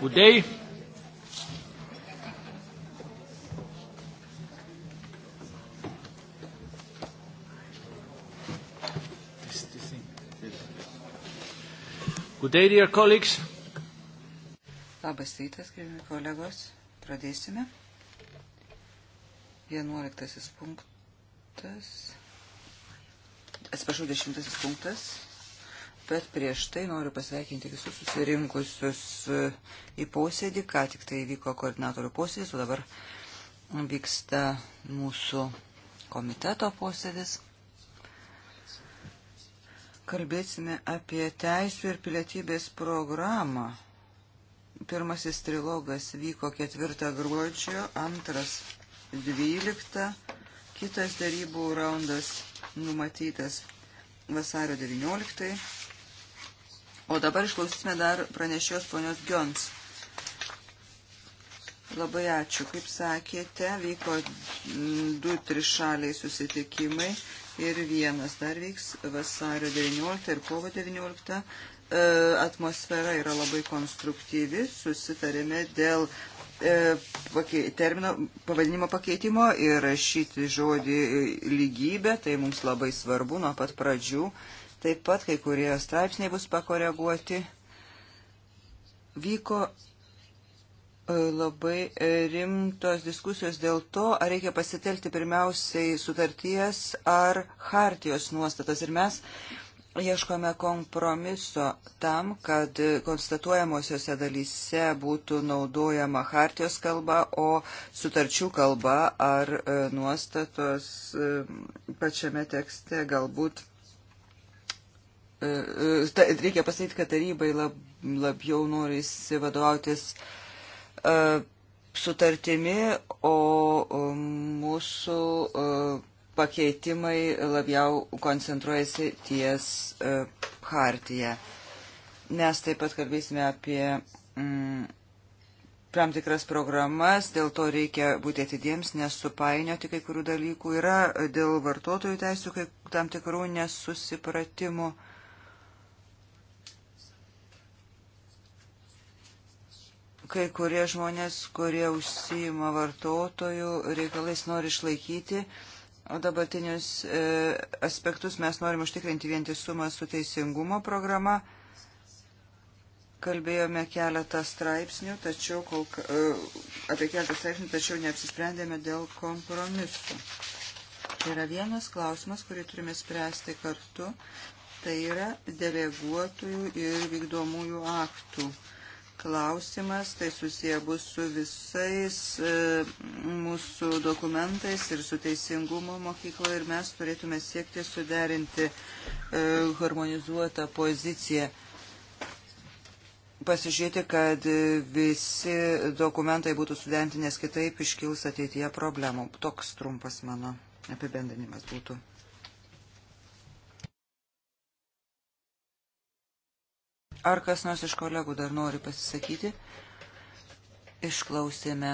Good day. Good day, dear colleagues. Labas rytas, gerbiami kolegos. Pradėsime. 11 punktas. Atsiprašau, 10 punktas bet prieš tai noriu pasveikinti visus susirinkusius e, į posėdį, ką tik tai vyko koordinatorių posėdis, o dabar vyksta mūsų komiteto posėdis. Kalbėsime apie teisų ir pilietybės programą. Pirmasis trilogas vyko 4 gruodžio, antras 12, kitas darybų raundas numatytas vasario 19. O dabar išklausysime dar pranešėjos ponios Gions. Labai ačiū. Kaip sakėte, vyko du trišaliai susitikimai ir vienas dar vyks vasario 19 ir kovo 19. E, atmosfera yra labai konstruktyvi, susitarėme dėl e, pakei, termino pavadinimo pakeitimo ir rašyti žodį lygybė, tai mums labai svarbu nuo pat pradžių. E, Taip pat kai kurie straipsniai bus pakoreguoti. Vyko e, labai e, rimtos diskusijos dėl to, ar reikia pasitelkti pirmiausiai sutarties ar hartijos nuostatas. Ir mes ieškome kompromiso tam, kad konstatuojamosiose dalyse būtų naudojama hartijos kalba, o sutarčių kalba ar e, nuostatos pačiame tekste galbūt reikia pasakyti, kad tarybai lab, labiau nori įsivadovautis e, sutartimi, o mūsų e, pakeitimai labiau koncentruojasi ties e, hartyje. Mes taip pat kalbėsime apie mm, tam tikras programas, dėl to reikia būti atidiems, nes supainioti kai kurių dalykų yra, dėl vartotojų teisų kai tam tikrų nesusipratimų. Uh, kai kurie žmonės, kurie užsijima vartotojų reikalais, nori išlaikyti, o dabartinius e, aspektus mes norim užtikrinti vientisumą su teisingumo programa. Kalbėjome keletą straipsnių, tačiau kol, e, apie keletą straipsnių, tačiau neapsisprendėme dėl kompromisų. Tai yra vienas klausimas, kurį turime spręsti kartu, tai yra deleguotųjų ir vykdomųjų aktų. E, klausimas, tai susiję bus su visais e, mūsų dokumentais ir su teisingumo mokykloje ir mes turėtume siekti suderinti e, harmonizuotą poziciją. Pasižiūrėti, kad visi dokumentai būtų suderinti, nes kitaip iškils ateityje problemų. Toks trumpas mano apibendrinimas būtų. Ar kas nors iš kolegų dar nori pasisakyti? Išklausėme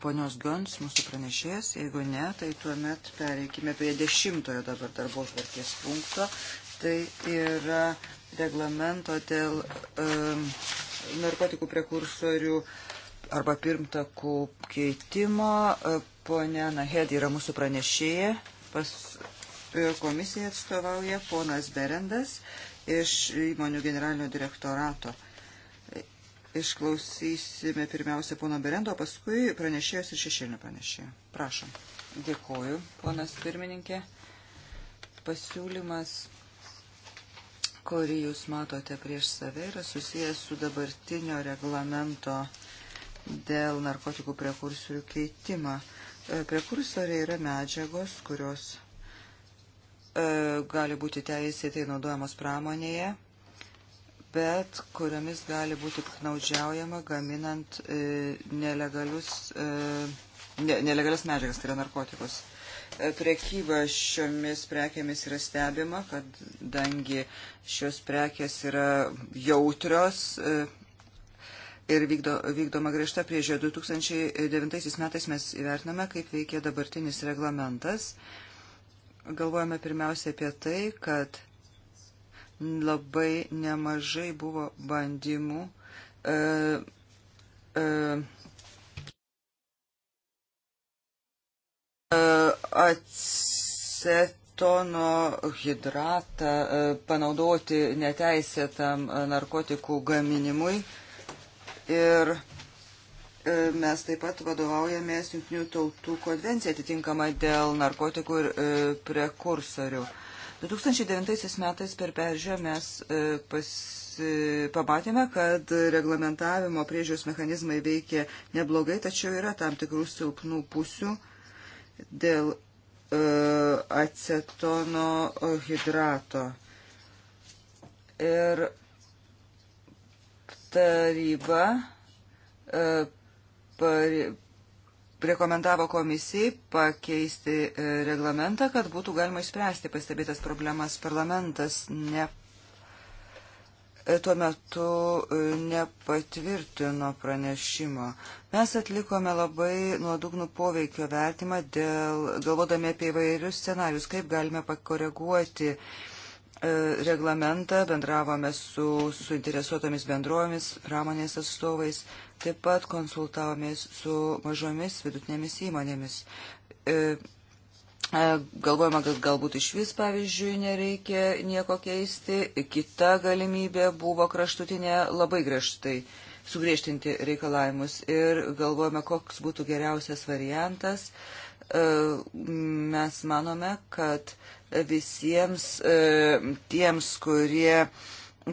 ponios Gons, mūsų pranešėjas. Jeigu ne, tai tuomet pereikime prie dešimtojo dabar darbo tvarkės punkto. Tai yra reglamento dėl um, narkotikų prekursorių arba pirmtakų keitimo. E, Pone Nahed yra mūsų pranešėja. Pas, e, komisija atstovauja ponas Berendas iš įmonių generalinio direktorato. Išklausysime pirmiausia pono Berendo, paskui pranešėjos ir šešėlinio pranešėjo. Prašom. Dėkoju, ponas pirmininkė. Pasiūlymas, kurį jūs matote prieš save, yra susijęs su dabartinio reglamento dėl narkotikų prekursorių keitimą. Prekursoriai yra medžiagos, kurios E, gali būti teisėtai naudojamos pramonėje, bet kuriomis gali būti piknaudžiaujama gaminant e, nelegalius, e, ne, nelegalias medžiagas, tai yra narkotikus. Prekyba šiomis prekėmis yra stebima, kadangi šios prekės yra jautrios ir vykdo, vykdoma griežta priežiūra. 2009 metais mes įvertiname, kaip veikia dabartinis reglamentas. E, galvojame pirmiausia apie tai, kad labai nemažai buvo bandymų e, e, e acetono hidratą e, panaudoti neteisėtam e, narkotikų gaminimui ir e, E, mes taip pat vadovaujamės Junktinių tautų konvenciją atitinkamą dėl narkotikų ir e, prekursorių. 2009 metais per peržiūrę mes e, pas, pamatėme, kad reglamentavimo priežiūros mechanizmai veikia neblogai, tačiau yra tam tikrų silpnų pusių dėl acetono hidrato. Ir taryba rekomendavo komisijai pakeisti e, reglamentą, kad būtų galima išspręsti pastebėtas problemas. Parlamentas ne, e, tuo metu e, nepatvirtino pranešimo. Mes atlikome labai nuodugnų poveikio vertimą, dėl, galvodami apie įvairius scenarius, kaip galime pakoreguoti reglamentą, bendravome su suinteresuotomis bendrovėmis, ramonės atstovais, Taip pat konsultavomės su mažomis vidutinėmis įmonėmis. E, e, galvojama, kad galbūt iš vis, pavyzdžiui, nereikia nieko keisti. Kita galimybė buvo kraštutinė labai griežtai sugriežtinti reikalavimus ir galvojame, koks būtų geriausias variantas. E, mes manome, kad visiems tiems, kurie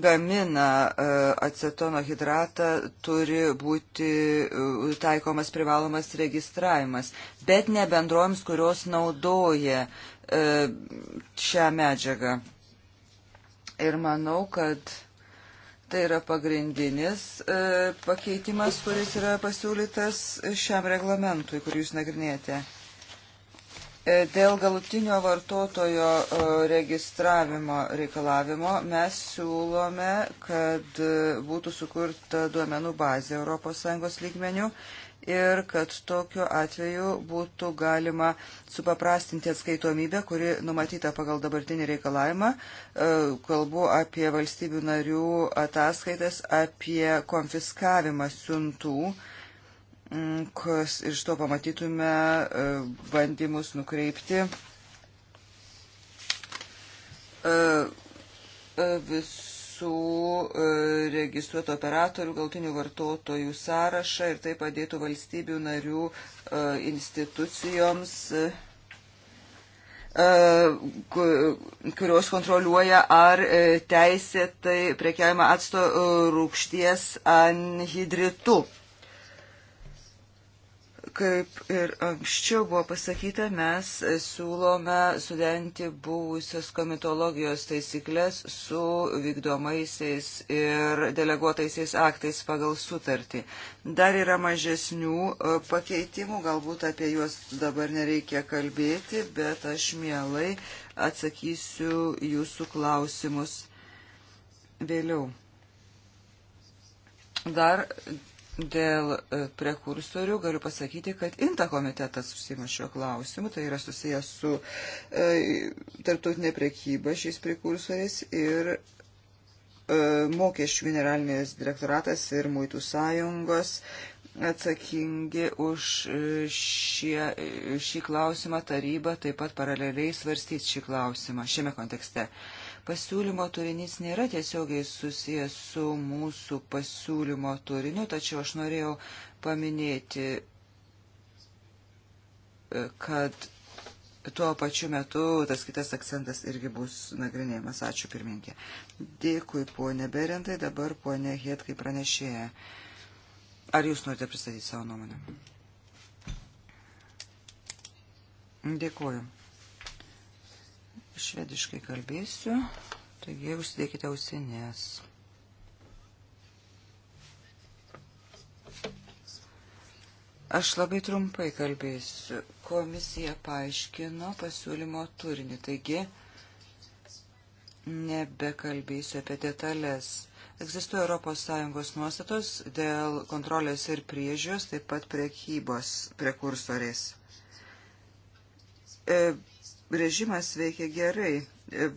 gamina e, acetono hidratą, turi būti e, taikomas privalomas registravimas, bet ne bendrojams, kurios naudoja e, šią medžiagą. Ir manau, kad tai yra pagrindinis pakeitimas, kuris yra pasiūlytas šiam reglamentui, kurį jūs nagrinėjate. Dėl galutinio vartotojo e, registravimo reikalavimo mes siūlome, kad e, būtų sukurta duomenų bazė ES lygmenių ir kad tokiu atveju būtų galima supaprastinti atskaitomybę, kuri numatyta pagal dabartinį reikalavimą. E, kalbu apie valstybių narių ataskaitas, apie konfiskavimą siuntų Mm, kas iš to pamatytume e, bandymus nukreipti e, e, visų registruotų operatorių, galtinių vartotojų sąrašą ir tai padėtų valstybių narių institucijoms, kurios kontroliuoja ar teisėtai prekiavimą acto rūkšties anhidritu. Kaip ir anksčiau buvo pasakyta, mes siūlome sudenti buvusios komitologijos taisyklės su vykdomaisiais ir deleguotaisiais aktais pagal sutartį. Dar yra mažesnių e, pakeitimų, galbūt apie juos dabar nereikia kalbėti, bet aš mielai atsakysiu jūsų klausimus vėliau. Dar Dėl e, prekursorių galiu pasakyti, kad INTA komitetas užsima šiuo klausimu, tai yra susijęs su e, tarptautinė prekyba šiais prekursoriais ir e, mokesčių generalinės direktoratas ir muitų sąjungos atsakingi už e, šie, e, šį klausimą taryba taip pat paraleliai svarstyti šį klausimą šiame kontekste. E, Pasiūlymo turinys nėra tiesiogiai susijęs su mūsų pasiūlymo turiniu, tačiau aš norėjau paminėti, e, kad tuo pačiu metu tas kitas akcentas irgi bus nagrinėjimas. Ačiū pirmininkė. Dėkui, ponė Berentai, dabar ponė Het, kaip pranešėja. Ar jūs norite pristatyti savo nuomonę? Dėkuoju švediškai kalbėsiu, taigi užsidėkite ausinės. Aš labai trumpai kalbėsiu. Komisija paaiškino pasiūlymo turinį, taigi nebekalbėsiu apie detalės. Egzistuoja ES nuostatos dėl kontrolės ir priežios, taip pat priekybos prekursoriais. E, režimas veikia gerai.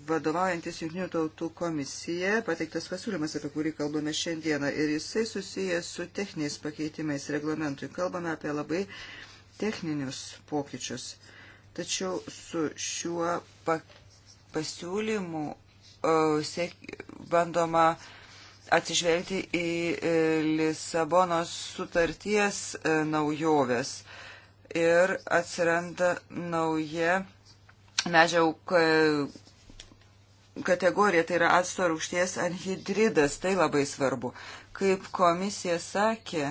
Vadovaujantis Junktinių tautų komisija pateiktas pasiūlymas, apie kurį kalbame šiandieną, ir jisai susijęs su techniniais pakeitimais reglamentui. Kalbame apie labai techninius pokyčius. Tačiau su šiuo pasiūlymu bandoma atsižvelgti į e, Lisabonos sutarties e, naujoves ir atsiranda nauja medžiagų e, kategorija, tai yra acto rūkšties anhidridas, tai labai svarbu. Kaip komisija sakė,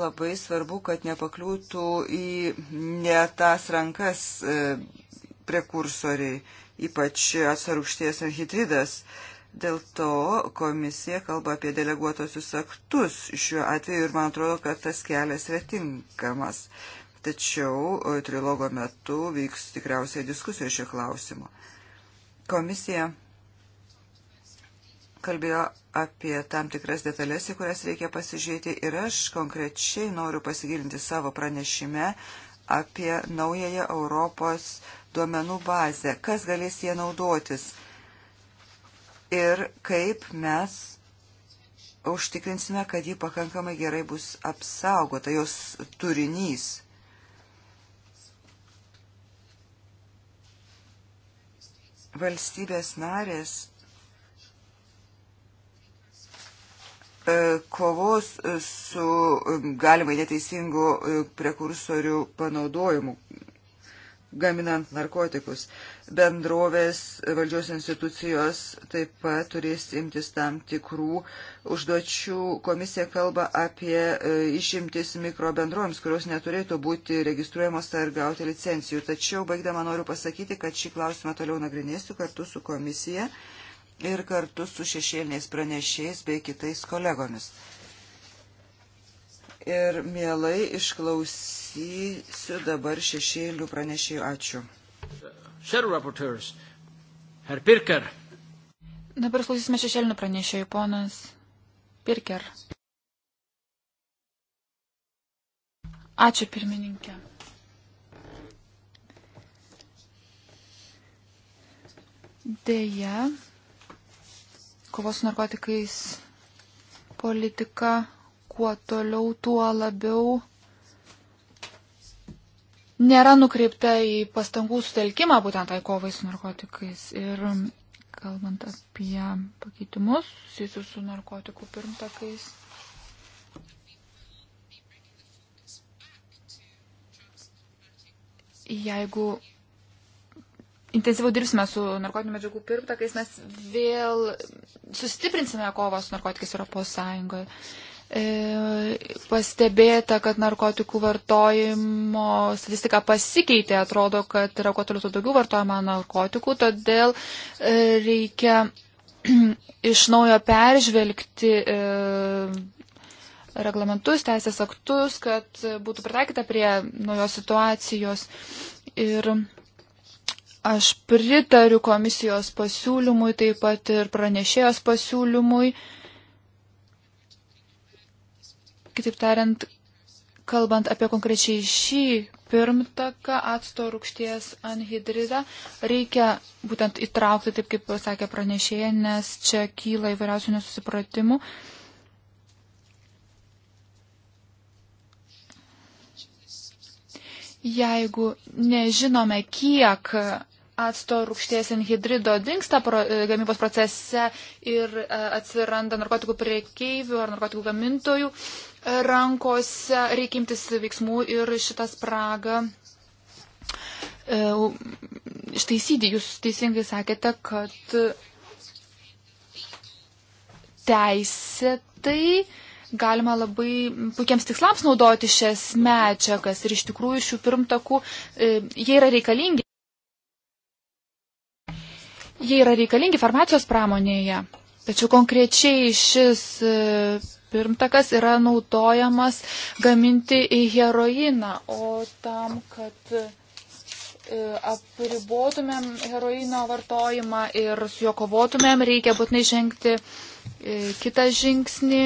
labai svarbu, kad nepakliūtų į ne tas rankas e, prekursoriai, ypač atsarūkšties anhidridas. Dėl to komisija kalba apie deleguotosius aktus šiuo atveju ir man atrodo, kad tas kelias yra tinkamas. Uh, tačiau e, trilogo metu vyks tikriausiai diskusijos šio klausimo. Komisija kalbėjo apie tam tikras detalės, į kurias reikia pasižiūrėti ir aš konkrečiai noriu pasigilinti savo pranešime apie naująją Europos duomenų bazę, kas galės jie naudotis ir kaip mes užtikrinsime, kad ji pakankamai gerai bus apsaugota, jos turinys. valstybės narės e, kovos su e, galimai neteisingu e, prekursorių panaudojimu gaminant narkotikus bendrovės valdžios institucijos taip pat turės imtis tam tikrų užduočių. Komisija kalba apie e, išimtis mikrobendrovėms, kurios neturėtų būti registruojamos ar gauti licencijų. Tačiau baigdama noriu pasakyti, kad šį klausimą toliau nagrinėsiu kartu su komisija ir kartu su šešėliniais pranešėjais bei kitais kolegomis ir mielai išklausysiu dabar šešėlių pranešėjų. Ačiū shadow rapporteurs. Herr Pirker. Dabar klausysime šešėlinių pranešėjų, ponas Pirker. Ačiū pirmininkė. Deja, kovos su narkotikais politika kuo toliau, tuo labiau nėra nukreipta į pastangų sutelkimą būtent tai kovai su narkotikais. Ir um, kalbant apie pakeitimus susijusius su narkotikų pirmtakais. Jeigu intensyviau dirbsime su narkotinių medžiagų pirmtakais, mes vėl sustiprinsime kovą su narkotikais Europos Sąjungoje. E, pastebėta, kad narkotikų vartojimo statistika pasikeitė, atrodo, kad yra kuo toliau daugiau vartojama narkotikų, todėl e, reikia iš naujo peržvelgti e, reglamentus, teisės aktus, kad būtų pritaikyta prie naujos situacijos. Ir aš pritariu komisijos pasiūlymui, taip pat ir pranešėjos pasiūlymui. Uh, Kitaip tariant, kalbant apie konkrečiai šį pirmtaką acto rūkšties anhidridą, reikia būtent įtraukti, taip kaip sakė pranešėja, nes čia kyla įvairiausių nesusipratimų. Jeigu nežinome, kiek acto rūkšties anhidrido dinksta pro, e, gamybos procese ir e, atsiranda narkotikų priekeivių ar narkotikų gamintojų, rankose, reikia imtis veiksmų ir šitą spragą e, ištaisyti. Jūs teisingai sakėte, kad teisėtai galima labai puikiams tikslams naudoti šias medžiagas ir iš tikrųjų šių pirmtakų e, jie yra reikalingi. Jie yra reikalingi farmacijos pramonėje. Tačiau konkrečiai šis e, pirmtakas yra naudojamas gaminti į heroiną, o tam, kad e, apribotumėm heroino vartojimą ir su juo kovotumėm, reikia būtinai žengti e, kitą žingsnį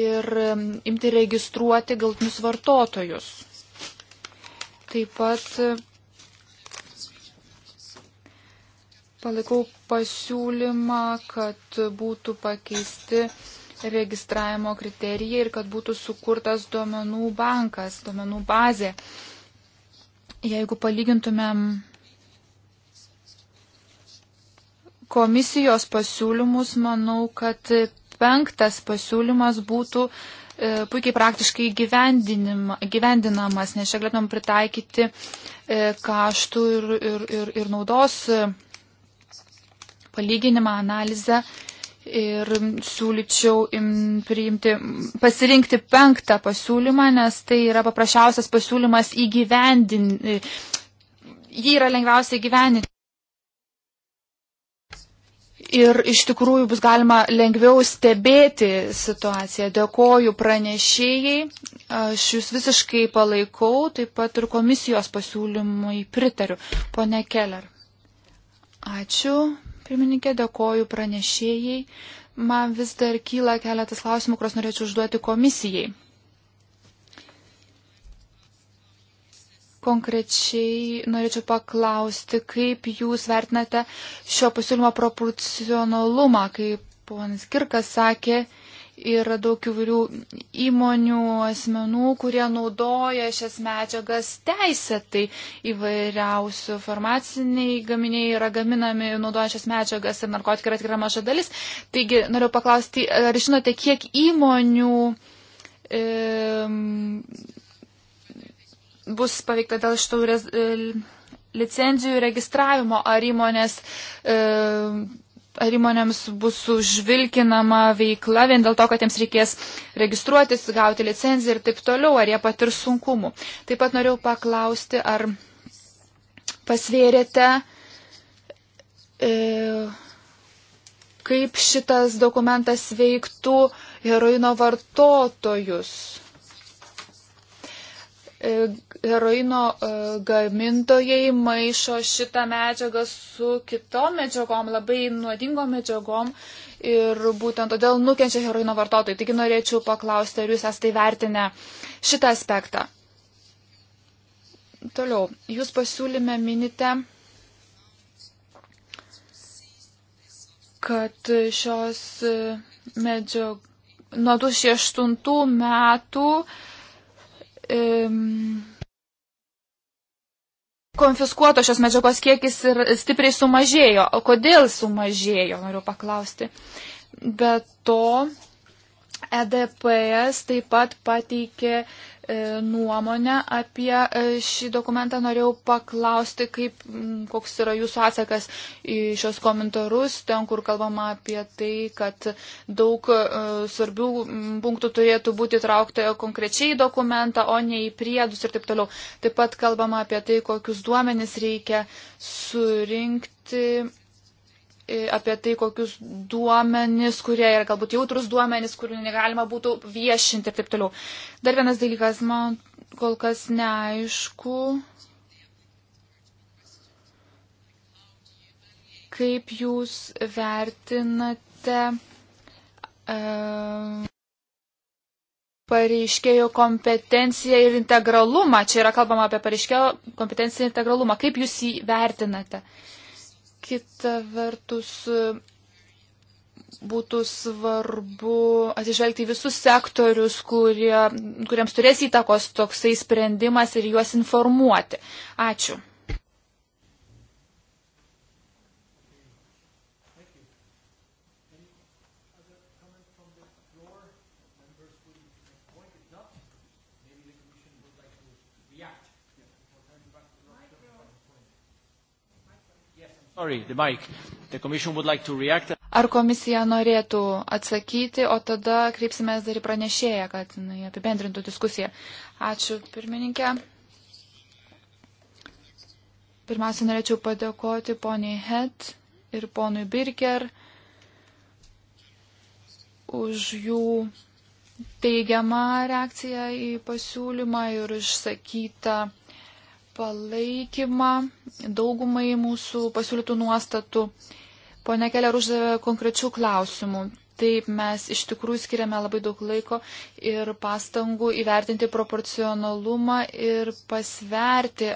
ir e, imti registruoti galtinius vartotojus. Taip pat palaikau pasiūlymą, kad būtų pakeisti registravimo kriterijai ir kad būtų sukurtas duomenų bankas, duomenų bazė. Jeigu palygintumėm komisijos pasiūlymus, manau, kad penktas pasiūlymas būtų e, puikiai praktiškai gyvendinamas, nes čia galėtumėm pritaikyti e, kaštų ir, ir, ir, ir naudos e, palyginimą, analizę ir siūlyčiau priimti, pasirinkti penktą pasiūlymą, nes tai yra paprasčiausias pasiūlymas įgyvendinti. Jį yra lengviausia įgyvendinti. Ir iš tikrųjų bus galima lengviau stebėti situaciją. Dėkoju pranešėjai, aš jūs visiškai palaikau, taip pat ir komisijos pasiūlymui pritariu. Pone Keller. Ačiū, Pirmininkė, dėkoju pranešėjai. Man vis dar kyla keletas klausimų, kuriuos norėčiau užduoti komisijai. Konkrečiai norėčiau paklausti, kaip jūs vertinate šio pasiūlymo proporcionalumą, kaip ponas Kirkas sakė, uh, yra daug įvairių įmonių, asmenų, kurie naudoja šias medžiagas teisėtai. Įvairiausių farmaciniai gaminiai yra gaminami naudojant šias medžiagas ir narkotikai yra tikra maža dalis. Taigi noriu paklausti, ar žinote, kiek įmonių e, bus paveikta dėl šitų rez, e, licenzijų registravimo, ar įmonės. E, ar įmonėms bus užvilkinama veikla vien dėl to, kad jiems reikės registruotis, gauti licenciją ir taip toliau, ar jie patirs sunkumų. Taip pat norėjau paklausti, ar pasvėrėte, e, kaip šitas dokumentas veiktų heroino vartotojus. E, heroino e, gamintojai maišo šitą medžiagą su kitom medžiagom, labai nuodingom medžiagom ir būtent todėl nukenčia heroino vartotojai. Taigi norėčiau paklausti, ar jūs esate įvertinę šitą aspektą. Toliau, jūs pasiūlyme minite, kad šios medžiagos nuo 2008 metų konfiskuoto šios medžiagos kiekis ir stipriai sumažėjo. O kodėl sumažėjo, noriu paklausti. Be to, EDPS taip pat pateikė E, nuomonę apie e, šį dokumentą. Norėjau paklausti, kaip, koks yra jūsų atsakas į šios komentarus, ten, kur kalbama apie tai, kad daug e, svarbių punktų turėtų būti traukta konkrečiai į dokumentą, o ne į priedus ir taip toliau. Taip pat kalbama apie tai, kokius duomenis reikia surinkti E, apie tai, kokius duomenis, kurie yra galbūt jautrus duomenis, kurių negalima būtų viešinti ir taip toliau. Dar vienas dalykas, man kol kas neaišku, kaip jūs vertinate uh, pareiškėjo kompetenciją ir integralumą. Čia yra kalbama apie pareiškėjo kompetenciją ir integralumą. Kaip jūs jį vertinate? Uh, Kita vertus, būtų svarbu atsižvelgti į visus sektorius, kurie, kuriems turės įtakos toksai sprendimas ir juos informuoti. Ačiū. Sorry, the mic. The commission would like to react. Ar komisija norėtų atsakyti, o tada kreipsimės dar į pranešėją, kad jinai apibendrintų diskusiją. Ačiū, pirmininkė. Pirmiausia, norėčiau padėkoti poniai Het ir ponui Birker už jų teigiamą reakciją į pasiūlymą ir išsakytą palaikymą daugumai mūsų pasiūlytų nuostatų. Pone Keller uždavė konkrečių klausimų. Taip, mes iš tikrųjų skiriame labai daug laiko ir pastangų įvertinti proporcionalumą ir pasverti,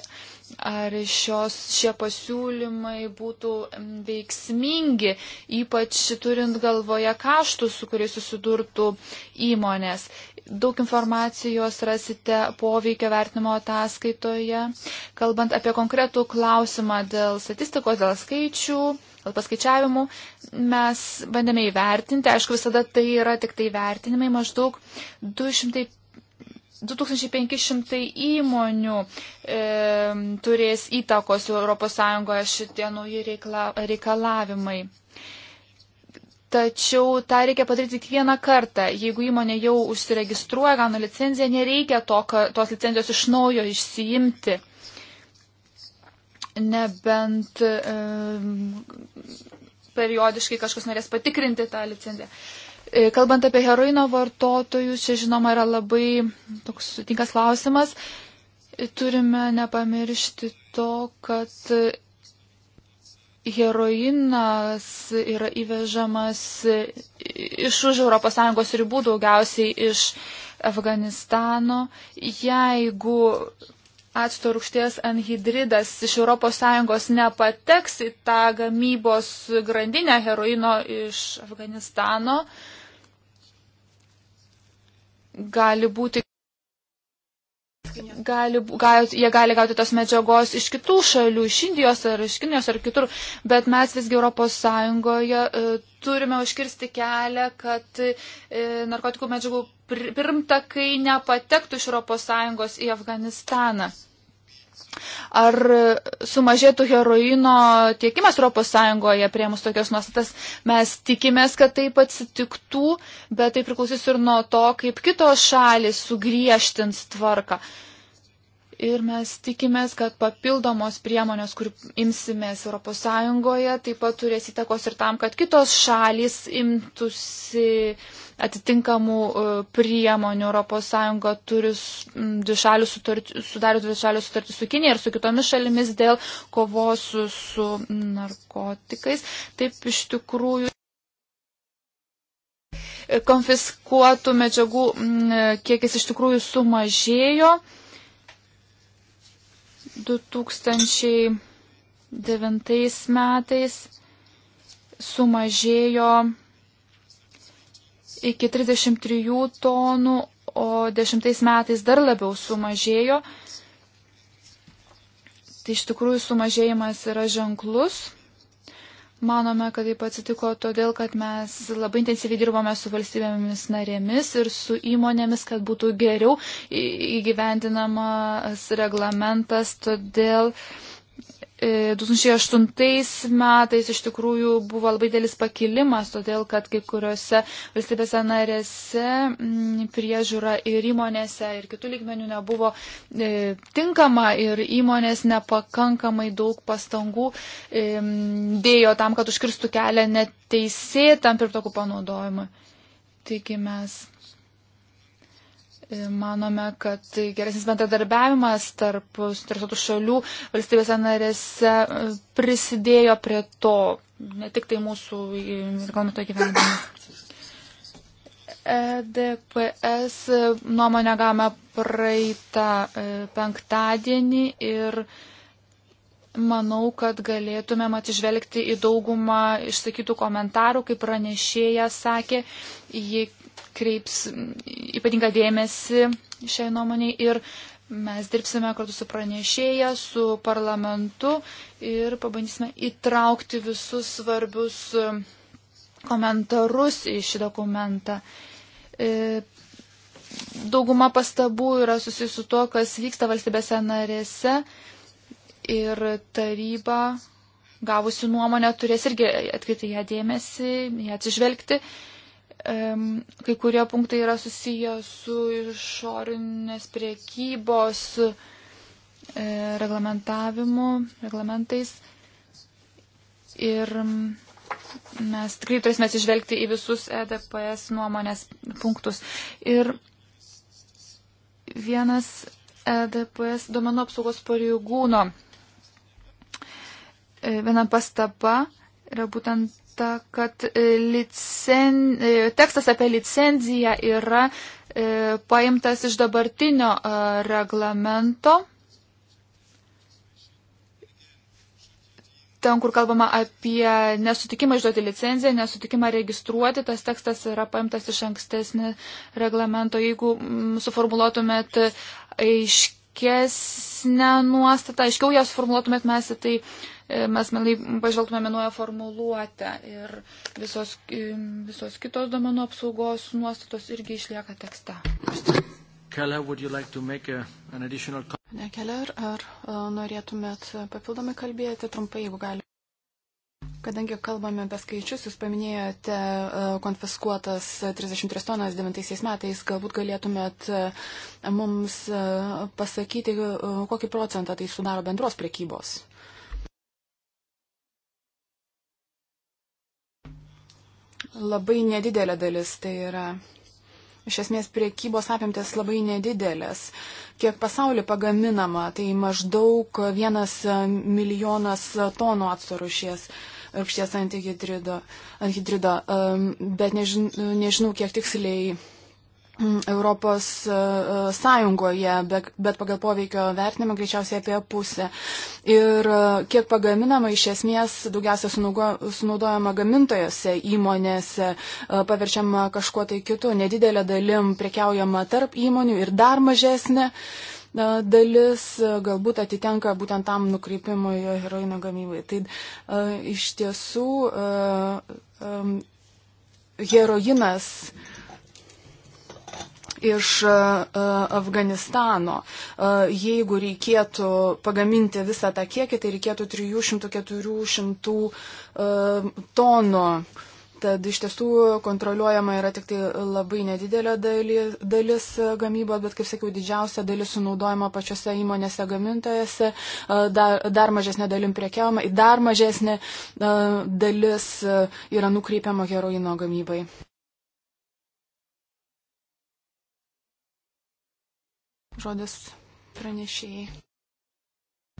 ar šios, šie pasiūlymai būtų veiksmingi, ypač turint galvoje kaštus, su kuriais susidurtų įmonės. Daug informacijos rasite poveikio vertinimo ataskaitoje. Kalbant apie konkretų klausimą dėl statistikos, dėl skaičių, dėl paskaičiavimų, mes bandėme įvertinti, aišku, visada tai yra tik tai vertinimai, maždaug 250 2500 įmonių e, turės įtakos ES šitie nauji reikla, reikalavimai. Tačiau tą reikia padaryti tik vieną kartą. Jeigu įmonė jau užsiregistruoja, gauna licenciją, nereikia to, ka, tos licencijos iš naujo išsiimti. Nebent e, periodiškai kažkas norės patikrinti tą licenciją. E, E, kalbant apie heroino vartotojus, čia žinoma yra labai toks sutinkas klausimas. E, turime nepamiršti to, kad heroinas yra įvežamas iš už ES ribų, daugiausiai iš Afganistano. Jeigu acto rūkšties anhidridas iš ES nepateks į tą gamybos grandinę heroino iš Afganistano, gali būti. Gali, gal, jie gali gauti tos medžiagos iš kitų šalių, iš Indijos ar iš Kinijos ar kitur, bet mes visgi Europos Sąjungoje e, turime užkirsti kelią, kad e, narkotikų medžiagų pirmtakai nepatektų iš Europos Sąjungos į Afganistaną ar sumažėtų heroino tiekimas ES prie mūsų tokios nuostatas. Mes tikimės, kad taip atsitiktų, bet tai priklausys ir nuo to, kaip kitos šalis sugriežtins tvarką. Uh, Ir mes tikimės, kad papildomos priemonės, kur imsimės ES, taip pat turės įtakos ir tam, kad kitos šalis imtųsi atitinkamų e, priemonių. ES turi dvišalių sutartį, sudarius dvišalių sutartį su Kinė ir su kitomis šalimis dėl kovos su, su narkotikais. Taip iš tikrųjų konfiskuotų medžiagų kiekis iš tikrųjų sumažėjo. 2009 metais sumažėjo iki 33 tonų, o 10 metais dar labiau sumažėjo. Tai iš tikrųjų sumažėjimas yra ženklus. Manome, kad taip atsitiko todėl, kad mes labai intensyviai dirbome su valstybėmis narėmis ir su įmonėmis, kad būtų geriau įgyvendinamas reglamentas. Todėl uh, 2008 e, metais iš tikrųjų buvo labai dėlis pakilimas, todėl kad kai kuriuose valstybėse narėse mm, priežiūra ir įmonėse ir kitų lygmenių nebuvo e, tinkama ir įmonės nepakankamai daug pastangų e, dėjo tam, kad užkirstų kelią neteisėtam pirtokų panaudojimui. Taigi mes Manome, kad tai geresnis bendradarbiavimas tarp suinteresuotų šalių valstybėse narėse e, prisidėjo prie to, ne tik tai mūsų e, reglamento gyvenimas. EDPS nuomonę gavome praeitą e, penktadienį ir manau, kad galėtumėm atsižvelgti į daugumą išsakytų komentarų, kaip pranešėja sakė, ji kreips ypatingą dėmesį šiai nuomoniai ir mes dirbsime kartu su pranešėja, su parlamentu ir pabandysime įtraukti visus svarbius komentarus į šį dokumentą. E, dauguma pastabų yra susijusi su to, kas vyksta valstybėse narėse ir taryba gavusi nuomonę turės irgi atkreipti ją dėmesį, ją atsižvelgti. Kai kurie punktai yra susiję su išorinės priekybos e, reglamentavimu, reglamentais. Ir mes tikrai turėsime atsižvelgti į visus EDPS nuomonės punktus. Ir vienas EDPS duomenų apsaugos pareigūno e, viena pastaba yra būtent ta, kad e, licen, e, tekstas apie licenciją yra e, paimtas iš dabartinio e, reglamento. Ten, kur kalbama apie nesutikimą išduoti licenciją, nesutikimą registruoti, tas tekstas yra paimtas iš ankstesnį reglamento. Jeigu m, mm, suformuluotumėt aiškesnę nuostatą, aiškiau ją suformuluotumėt, mes į tai E, mes melai pažvelgtume menuoja formuluotę ir visos, e, visos kitos domenų apsaugos nuostatos irgi išlieka tekste. Keller, would you like to make a, an additional Ne, Keller, ar uh, norėtumėt papildomai kalbėti trumpai, jeigu galime? Kadangi kalbame apie skaičius, jūs paminėjote uh, konfiskuotas 33 tonas 9 metais, galbūt galėtumėt uh, mums uh, pasakyti, uh, kokį procentą tai sudaro bendros prekybos? labai nedidelė dalis. Tai yra, iš esmės, priekybos apimtis labai nedidelės. Kiek pasaulį pagaminama, tai maždaug vienas milijonas tonų atsarušies rūkšties antihidrido, anhidrido, um, bet nežin, nežinau, kiek tiksliai Mm, Europos e, e, Sąjungoje, bet pagal poveikio vertinimą greičiausiai apie pusę. Ir e, kiek pagaminama iš esmės daugiausia sunaudojama gamintojose įmonėse, paverčiama kažkuo tai kitu, nedidelė dalim prekiaujama tarp įmonių ir dar mažesnė dalis galbūt atitenka būtent tam nukreipimui heroino gamybai. Tai iš tiesų heroinas. Uh, um, heroinas iš e, e, Afganistano. E, jeigu reikėtų pagaminti visą tą kiekį, tai reikėtų 300-400 tonų. Tad iš tiesų kontroliuojama yra tik tai labai nedidelė dalis, dalis gamybos, bet kaip sakiau, didžiausia dalis sunaudojama pačiose įmonėse gamintojose, dar, dar mažesnė dalim priekiaujama, dar mažesnė dalis yra nukreipiama heroino gamybai. Žodis pranešėjai.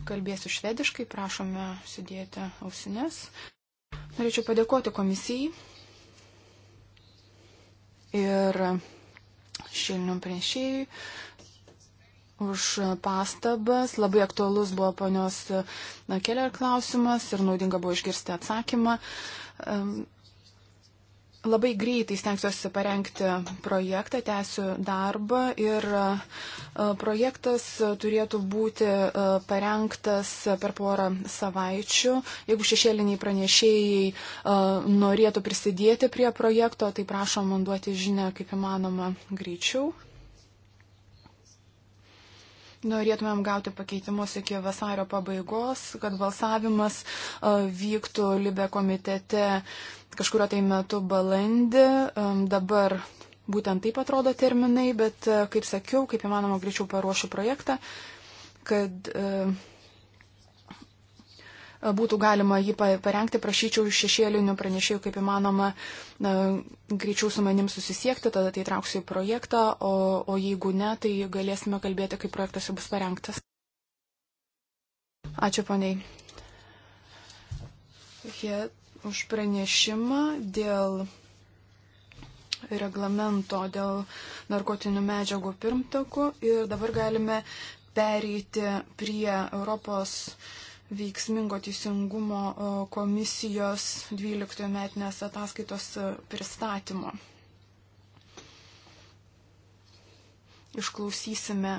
Kalbėsiu švediškai, prašome sudėti ausines. Norėčiau padėkoti komisijai ir šilniam pranešėjai už pastabas. Labai aktualus buvo ponios Keller klausimas ir naudinga buvo išgirsti atsakymą. Labai greitai stengsiuosi parengti projektą, tęsiu darbą ir e, projektas turėtų būti e, parengtas per porą savaičių. Jeigu šešėliniai pranešėjai e, norėtų prisidėti prie projekto, tai prašom man duoti žinę kaip įmanoma greičiau. Norėtumėm gauti pakeitimus iki vasario pabaigos, kad balsavimas e, vyktų Libe komitete kažkurio tai metu balandį. E, dabar būtent taip atrodo terminai, bet e, kaip sakiau, kaip įmanoma greičiau paruošiu projektą, kad uh, būtų galima jį parengti, prašyčiau šešėlinių pranešėjų, kaip įmanoma, na, greičiau su manim susisiekti, tada tai trauksiu į projektą, o, o jeigu ne, tai galėsime kalbėti, kai projektas jau bus parengtas. Ačiū poniai. Jie už pranešimą dėl reglamento dėl narkotinių medžiagų pirmtakų ir dabar galime pereiti prie Europos uh, veiksmingo teisingumo e, komisijos 12 metinės ataskaitos e, pristatymo. Išklausysime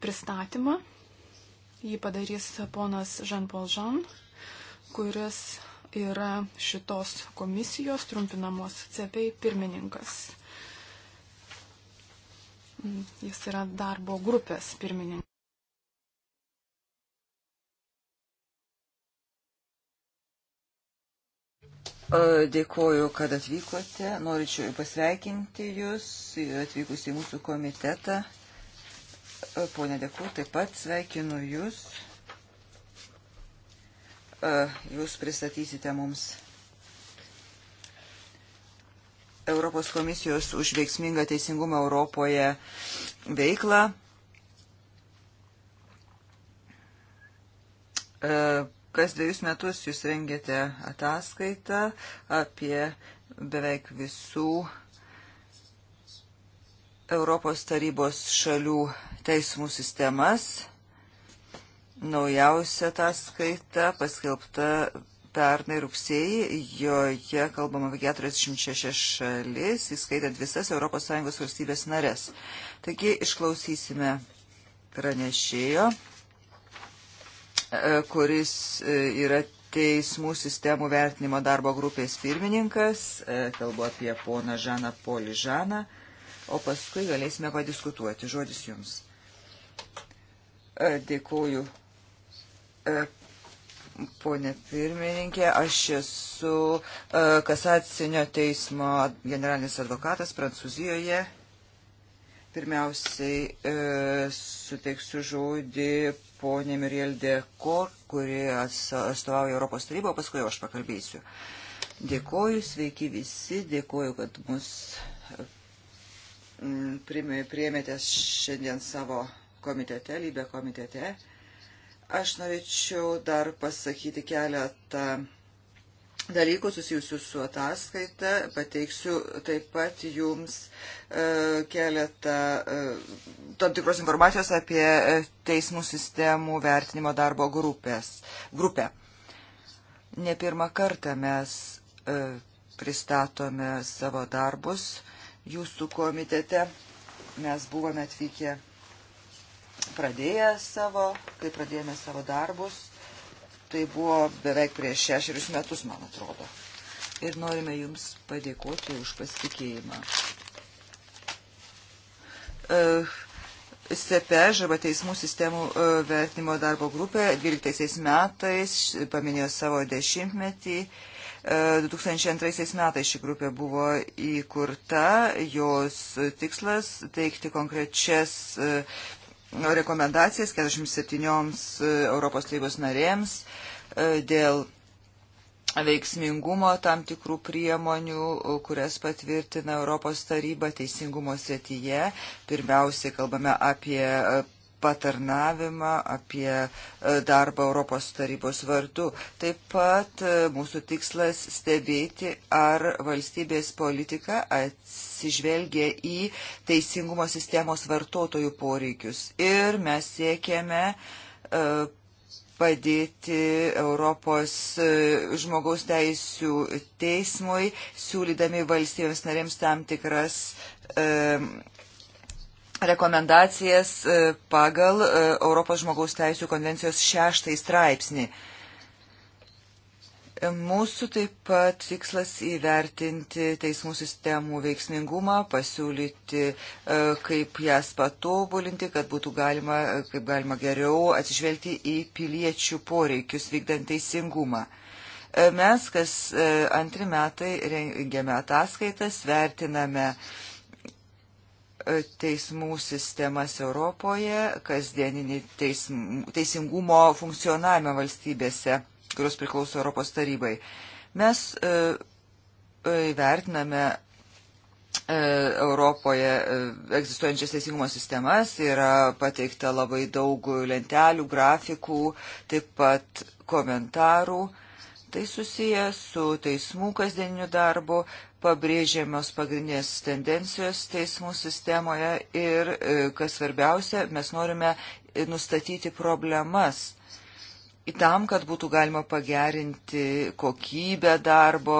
pristatymą. Jį padarys ponas Jean-Paul Jean, kuris yra šitos komisijos trumpinamos cepiai pirmininkas. Jis yra darbo grupės pirmininkas. Dėkoju, kad atvykote. Norėčiau pasveikinti Jūs atvykus į mūsų komitetą. Pone Deku, taip pat sveikinu Jūs. Jūs pristatysite mums Europos komisijos už veiksmingą teisingumą Europoje veiklą. E, Kas dviejus metus jūs rengiate ataskaitą apie beveik visų Europos tarybos šalių teismų sistemas. Naujausia ataskaita paskelbta pernai rugsėjį, joje kalbama apie 46 šalis, įskaitant visas ES valstybės narės. Taigi išklausysime pranešėjo E, kuris e, yra teismų sistemų vertinimo darbo grupės pirmininkas, e, kalbu apie poną Žaną Poližaną, o paskui galėsime padiskutuoti. Žodis jums. Dėkuoju. Pone pirmininkė, aš esu kasacinio teismo generalinis advokatas Prancūzijoje Pirmiausiai e, suteiksiu žodį ponė Miriel Dekor, kuri atstovauja Europos tarybą, paskui aš pakalbėsiu. Dėkoju, sveiki visi, dėkoju, kad mus priėmėte šiandien savo komitete, lybė komitete. Aš norėčiau dar pasakyti keletą dalykų susijusių su ataskaita. Pateiksiu taip pat jums e, keletą e, tam tikros informacijos apie e, teismų sistemų vertinimo darbo grupės, grupę. Ne pirmą kartą mes e, pristatome savo darbus jūsų komitete. Mes buvome atvykę pradėję savo, kai pradėjome savo darbus Tai buvo beveik prieš šešerius metus, man atrodo. Ir norime Jums padėkoti už pasitikėjimą. Uh, e, SEPEŽ arba teismų sistemų e, vertinimo darbo grupė 12 metais paminėjo savo dešimtmetį. 2002 e, metais ši grupė buvo įkurta, jos tikslas teikti konkrečias Nu, rekomendacijas 47 e, Europos lygos narėms e, dėl veiksmingumo tam tikrų priemonių, e, kurias patvirtina Europos taryba teisingumo srityje. Pirmiausiai kalbame apie patarnavimą, apie e, darbą Europos tarybos vardu. Taip pat e, mūsų tikslas stebėti, ar valstybės politika atsižvelgia į teisingumo sistemos vartotojų poreikius. Ir mes siekiame e, padėti Europos žmogaus teisų teismui, siūlydami valstybėms narėms tam tikras rekomendacijas e, pagal e, Europos žmogaus teisų konvencijos šeštąjį straipsnį. E, mūsų taip pat tikslas įvertinti teismų sistemų veiksmingumą, pasiūlyti, kaip jas patobulinti, kad būtų galima, kaip galima geriau atsižvelgti į piliečių poreikius vykdant teisingumą. Mes kas antri metai rengiame ataskaitas, vertiname uh, teismų sistemas Europoje, kasdieninį teism, teisingumo funkcionavimą valstybėse, kurios priklauso Europos tarybai. Mes įvertiname e, e, e, Europoje egzistuojančias teisingumo sistemas, yra pateikta labai daug lentelių, grafikų, taip pat komentarų. Tai susiję su teismų kasdieniniu darbu, pabrėžiamos pagrindinės tendencijos teismų sistemoje ir, e, kas svarbiausia, mes norime e, nustatyti problemas tam, kad būtų galima pagerinti kokybę darbo,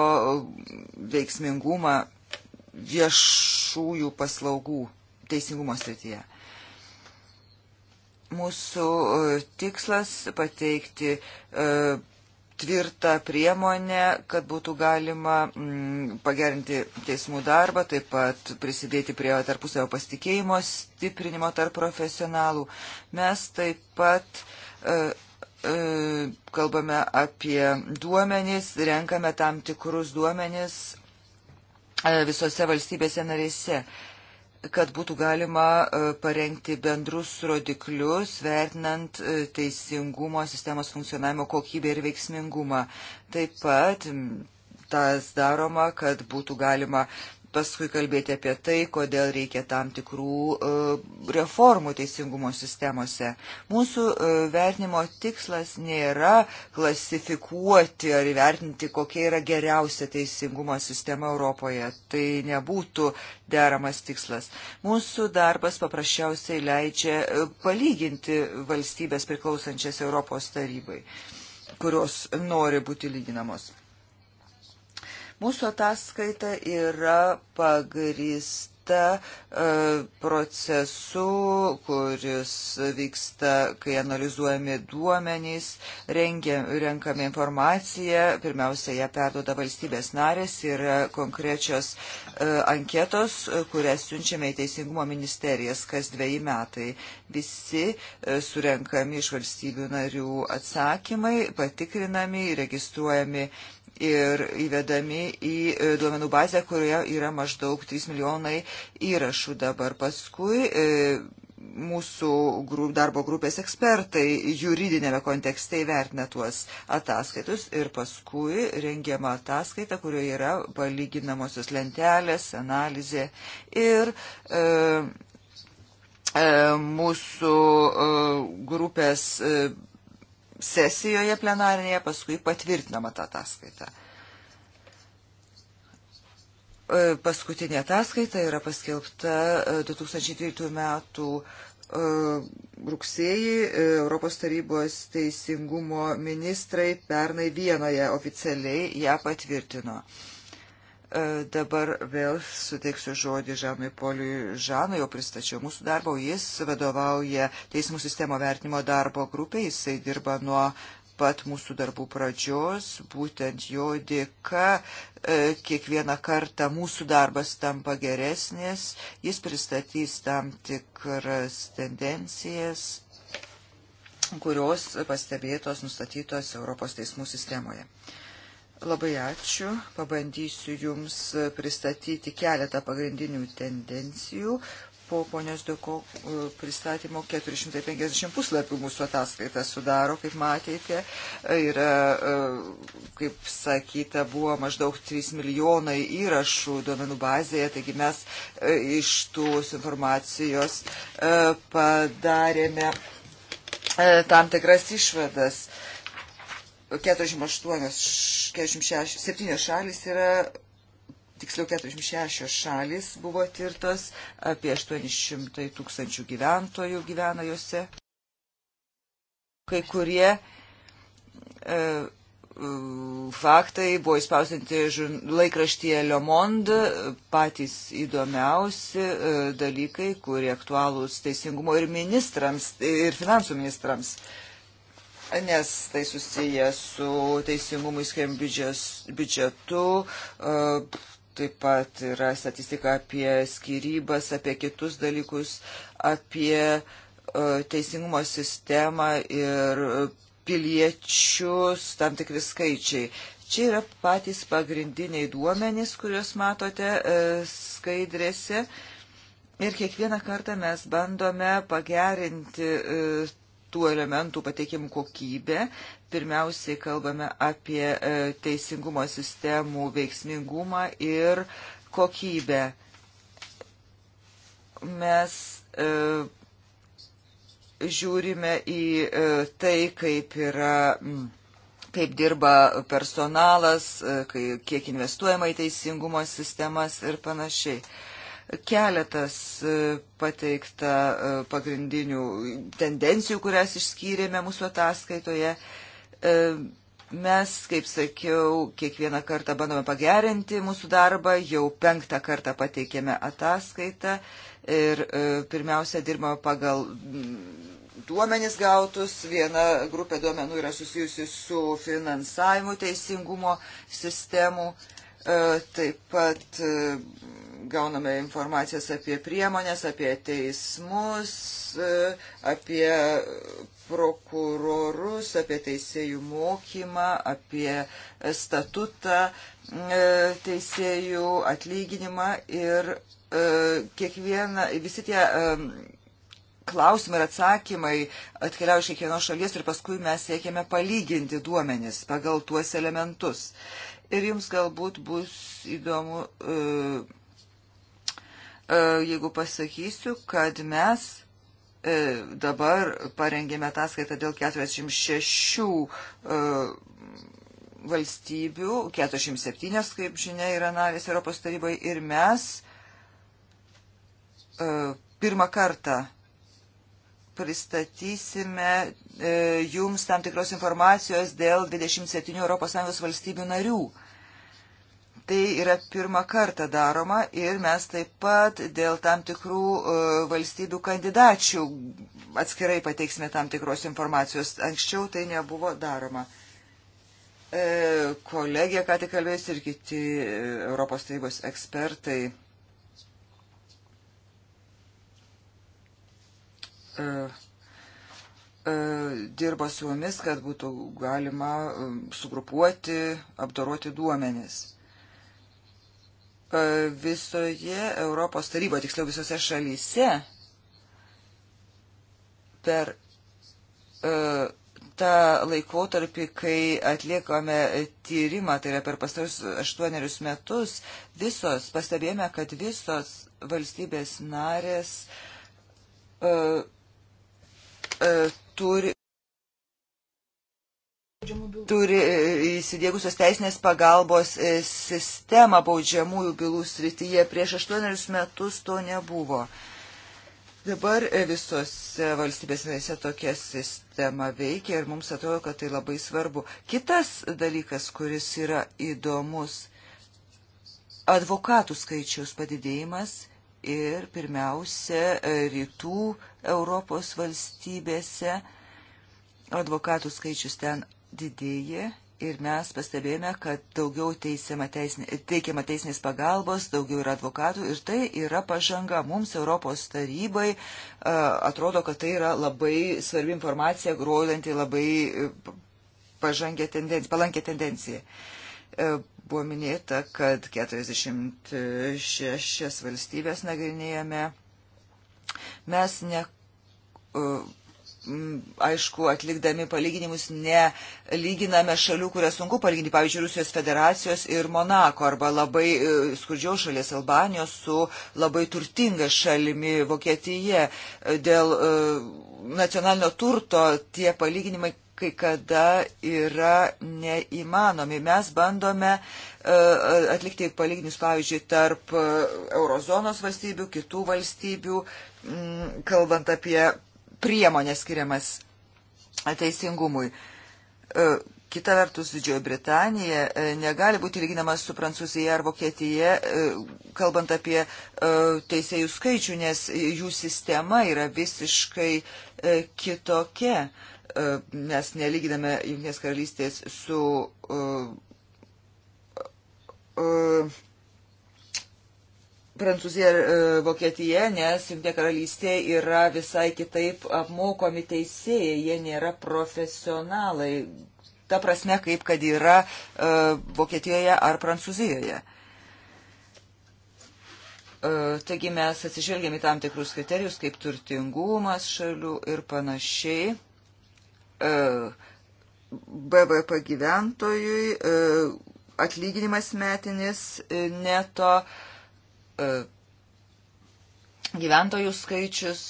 veiksmingumą viešųjų paslaugų teisingumo srityje. Mūsų e, tikslas pateikti tvirtą priemonę, kad būtų galima mm, pagerinti teismų darbą, taip pat prisidėti prie tarpusavio pasitikėjimo stiprinimo tarp profesionalų. Mes taip pat e, e, kalbame apie duomenis, renkame tam tikrus duomenis e, visose valstybėse narėse. E, kad būtų galima e, parengti bendrus rodiklius, vertinant e, teisingumo sistemos funkcionavimo kokybę ir veiksmingumą. Taip pat tas daroma, kad būtų galima paskui kalbėti apie tai, kodėl reikia tam tikrų e, reformų teisingumo sistemose. Mūsų e, vertinimo tikslas nėra klasifikuoti ar įvertinti, kokia yra geriausia teisingumo sistema Europoje. Tai nebūtų deramas tikslas. Mūsų darbas paprasčiausiai leidžia e, palyginti valstybės priklausančias Europos tarybai kurios nori būti lyginamos. Mūsų ataskaita yra pagrįsta e, procesu, kuris vyksta, kai analizuojami duomenys, rengia, renkame informaciją, pirmiausia, ją perduoda valstybės narės ir konkrečios e, anketos, kurias siunčiame į Teisingumo ministerijas kas dviejai metai. Visi e, surenkami iš valstybių narių atsakymai, patikrinami, registruojami ir įvedami į e, duomenų bazę, kurioje yra maždaug 3 milijonai įrašų dabar. Paskui e, mūsų grup, darbo grupės ekspertai juridinėme kontekste įvertina tuos ataskaitus ir paskui rengiama ataskaita, kurioje yra palyginamosios lentelės, analizė ir e, e, mūsų e, grupės e, sesijoje plenarinėje, paskui patvirtinama tą ataskaitą. E, paskutinė ataskaita yra paskelbta 2012 e, metų e, rugsėjį Europos tarybos teisingumo ministrai pernai vienoje oficialiai ją patvirtino. E, dabar vėl suteiksiu žodį Žanui Poliui Žanui, jau pristačiau mūsų darbą, jis vadovauja teismų sistemo vertinimo darbo grupiai, jisai dirba nuo pat mūsų darbų pradžios, būtent jo dėka e, kiekvieną kartą mūsų darbas tampa geresnės, jis pristatys tam tikras tendencijas, kurios pastebėtos nustatytos Europos teismų sistemoje. Uh, Labai ačiū. Pabandysiu Jums pristatyti keletą pagrindinių tendencijų. Po ponios Doko e, pristatymo 450 puslapių mūsų ataskaita sudaro, kaip matėte. E, yra, e, kaip sakyta, buvo maždaug 3 milijonai įrašų duomenų bazėje, taigi mes iš tos informacijos padarėme tam tikras išvadas 48, 46, 7 šalis yra, tiksliau 46 šalis buvo tirtos, apie 800 tūkstančių gyventojų gyvena juose. Kai kurie e, e, faktai buvo įspausinti laikraštyje Le Monde, patys įdomiausi e, dalykai, kurie aktualūs teisingumo ir ministrams, ir finansų ministrams. E, nes tai susiję su teisingumu įskiriam biudžetu, e, taip pat yra statistika apie skirybas, apie kitus dalykus, apie e, teisingumo sistemą ir piliečius, tam tikri skaičiai. Čia yra patys pagrindiniai duomenys, kuriuos matote e, skaidrėse. Ir kiekvieną kartą mes bandome pagerinti tų elementų pateikimų kokybė. Pirmiausiai kalbame apie e, teisingumo sistemų veiksmingumą ir kokybę. Mes e, žiūrime į e, tai, kaip yra. M, kaip dirba personalas, e, kai, kiek investuojama į teisingumo sistemas ir panašiai. E, Keletas e, pateikta e, pagrindinių tendencijų, kurias išskyrėme mūsų ataskaitoje. E, mes, kaip sakiau, kiekvieną kartą bandome pagerinti mūsų darbą, jau penktą kartą pateikėme ataskaitą ir pirmiausia dirbame pagal mm, duomenis gautus, viena grupė duomenų yra susijusi su finansavimu teisingumo sistemų E, taip pat e, gauname informacijas apie priemonės, apie teismus, e, apie prokurorus, apie teisėjų mokymą, apie statutą teisėjų atlyginimą ir kiekviena, visi tie klausimai ir atsakymai atkeliauja iš kiekvienos šalies ir paskui mes siekiame palyginti duomenis pagal tuos elementus. Uh, ir jums galbūt bus įdomu, e, e, jeigu pasakysiu, kad mes e, dabar parengėme ataskaitą dėl 46 valstybių, 47, kaip žinia, yra narės Europos taryboje ir mes pirmą kartą pristatysime jums tam tikros informacijos dėl 27 ES valstybių narių. Tai yra pirmą kartą daroma ir mes taip pat dėl tam tikrų e, valstybių kandidačių atskirai pateiksime tam tikros informacijos. Anksčiau tai nebuvo daroma. E, kolegė, ką tik kalbės ir kiti e, Europos tarybos ekspertai. dirba su mumis, kad būtų galima sugrupuoti, apdoroti duomenis. E, visoje Europos taryboje, tiksliau visose šalyse, per e, tą laikotarpį, kai atliekame tyrimą, tai yra per pastarus aštuonerius metus, visos, pastebėjome, kad visos valstybės narės uh, uh, turi turi e, įsidėgusios teisinės pagalbos e, sistemą baudžiamųjų bylų srityje. Prieš aštuonerius metus to nebuvo. Dabar e, visose valstybės narėse tokia sistema veikia ir mums atrodo, kad tai labai svarbu. Kitas dalykas, kuris yra įdomus - advokatų skaičiaus padidėjimas ir pirmiausia rytų Europos valstybėse advokatų skaičius ten didėja ir mes pastebėjome, kad daugiau teisinė, teikiama teisinės pagalbos, daugiau yra advokatų ir tai yra pažanga. Mums Europos tarybai atrodo, kad tai yra labai svarbi informacija, grodanti labai e, pažangę tendenciją, palankę e, tendenciją. Buvo minėta, kad 46 valstybės nagrinėjame. Mes ne e, Mm, aišku, atlikdami palyginimus nelyginame šalių, kurias sunku palyginti, pavyzdžiui, Rusijos federacijos ir Monako arba labai e, skurdžiau šalies Albanijos su labai turtinga šalimi Vokietija. E, dėl e, nacionalinio turto tie palyginimai kai kada yra neįmanomi. Mes bandome atlikti palyginimus, pavyzdžiui, tarp eurozonos valstybių, kitų valstybių, mm, kalbant apie priemonės skiriamas teisingumui. E, kita vertus, Didžioji Britanija e, negali būti lyginama su Prancūzija ar Vokietija, e, kalbant apie teisėjų skaičių, nes jų sistema yra visiškai kitokia. Mes nelyginame Junktinės karalystės su. Uh, uh, Prancūzija ir e, Vokietija, nes Junktinė karalystė yra visai kitaip apmokomi teisėjai, jie nėra profesionalai, ta prasme, kaip kad yra e, Vokietijoje ar Prancūzijoje. E, taigi mes atsižvelgiame į tam tikrus kriterijus, kaip turtingumas šalių ir panašiai. BVP gyventojui atlyginimas metinis neto E, gyventojų skaičius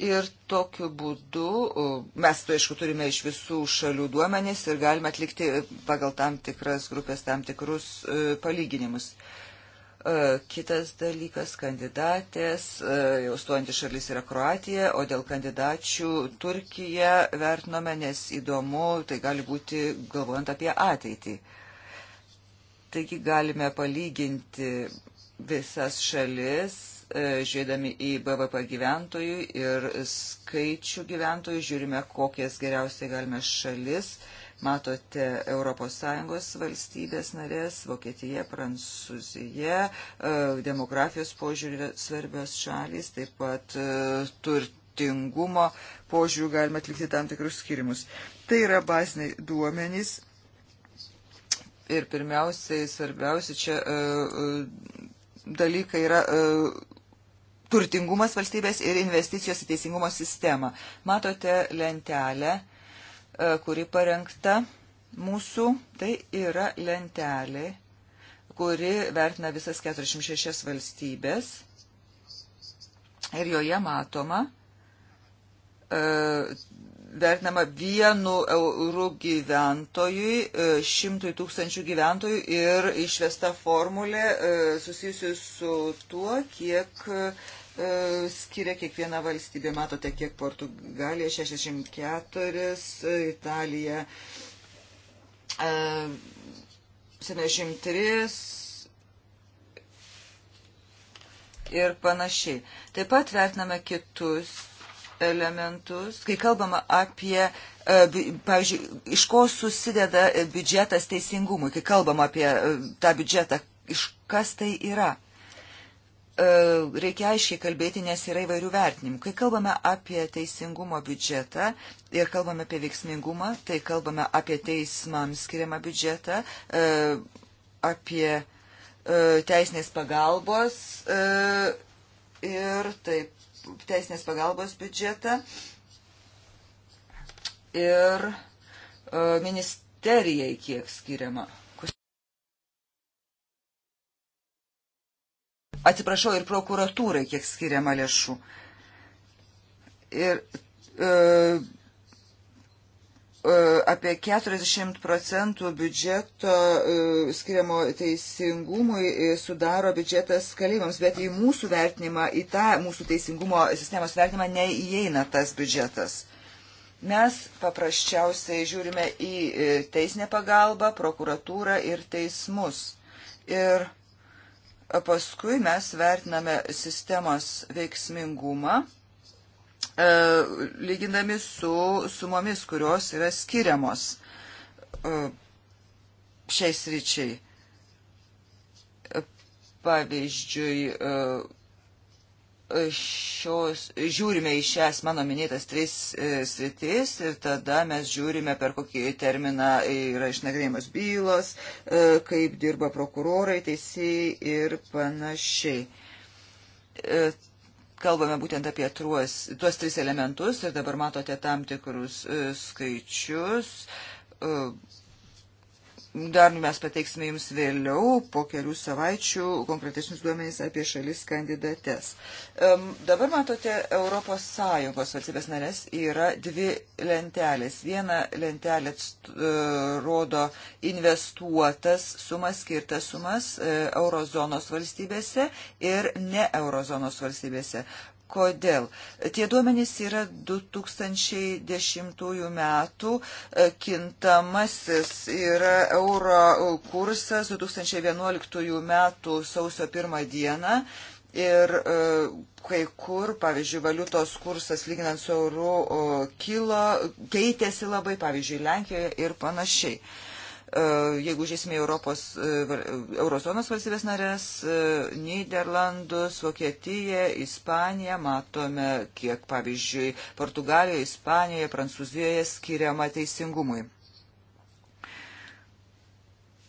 ir tokiu būdu e, mes, tu tai, aišku, turime iš visų šalių duomenys ir galime atlikti pagal tam tikras grupės tam tikrus e, palyginimus. Kitas dalykas - kandidatės, jau stojantys šalis yra Kroatija, o dėl kandidačių Turkiją vertinome, nes įdomu, tai gali būti galvojant apie ateitį. Taigi galime palyginti visas šalis, e, žiūrėdami į BVP gyventojų ir skaičių gyventojų, žiūrime, kokias geriausiai galime šalis. Matote ES valstybės narės, Vokietija, Prancūzija, e, demografijos požiūrį svarbios šalys, taip pat e, turtingumo požiūrių galima atlikti tam tikrus skirimus. Tai yra baziniai duomenys ir pirmiausiai, svarbiausia čia dalykai yra e, turtingumas valstybės ir investicijos į teisingumo sistemą. Matote lentelę, e, kuri parengta mūsų, tai yra lentelė, kuri vertina visas 46 valstybės ir joje matoma e, vertinama vienu eurų gyventojui, e, šimtui tūkstančių gyventojų ir išvesta formulė e, susijusi su tuo, kiek e, skiria kiekviena valstybė. Matote, kiek Portugalija 64, Italija 73 ir panašiai. Taip pat vertiname kitus elementus, kai kalbama apie, e, pavyzdžiui, iš ko susideda biudžetas teisingumui, kai kalbama apie e, tą biudžetą, iš kas tai yra. E, reikia aiškiai kalbėti, nes yra įvairių vertinimų. Kai kalbame apie teisingumo biudžetą ir kalbame apie veiksmingumą, tai kalbame apie teismams skiriamą biudžetą, apie teisinės pagalbos ir taip teisinės pagalbos biudžetą ir e, ministerijai kiek skiriama. Atsiprašau, ir prokuratūrai kiek skiriama lėšų. Ir e, E, apie 40 procentų biudžeto e, skiriamo teisingumui e, sudaro biudžetas kalėjimams, bet į mūsų vertinimą, į tą mūsų teisingumo sistemos vertinimą neįeina tas biudžetas. Mes paprasčiausiai žiūrime į teisinę pagalbą, prokuratūrą ir teismus. Ir paskui mes vertiname sistemos veiksmingumą E, lyginami su sumomis, kurios yra skiriamos e, šiais ryčiai. E, pavyzdžiui, šios, žiūrime į šias mano minėtas tris sritis ir tada mes žiūrime, per kokį terminą yra išnagrinėjimas bylos, kaip dirba prokurorai, teisėjai ir panašiai kalbame būtent apie tuos, tuos tris elementus ir dabar matote tam tikrus e, skaičius e, Dar mes pateiksime jums vėliau, po kelių savaičių, konkretesnius duomenys apie šalis kandidates. Um, dabar matote, Europos Sąjungos valstybės narės yra dvi lentelės. Viena lentelė uh, rodo investuotas sumas, skirtas sumas uh, eurozonos valstybėse ir ne eurozonos valstybėse. Kodėl? Tie duomenys yra 2010 metų, e, kintamasis yra euro kursas 2011 metų sausio pirmą dieną. Ir e, kai kur, pavyzdžiui, valiutos kursas lyginant su euru kilo, keitėsi labai, pavyzdžiui, Lenkijoje ir panašiai. E, jeigu žiūrėsime Europos, e, Eurozonos valstybės narės, e, Niderlandus, Vokietiją, Ispaniją, matome, kiek, pavyzdžiui, Portugalijoje, Ispanijoje, Prancūzijoje skiriama teisingumui.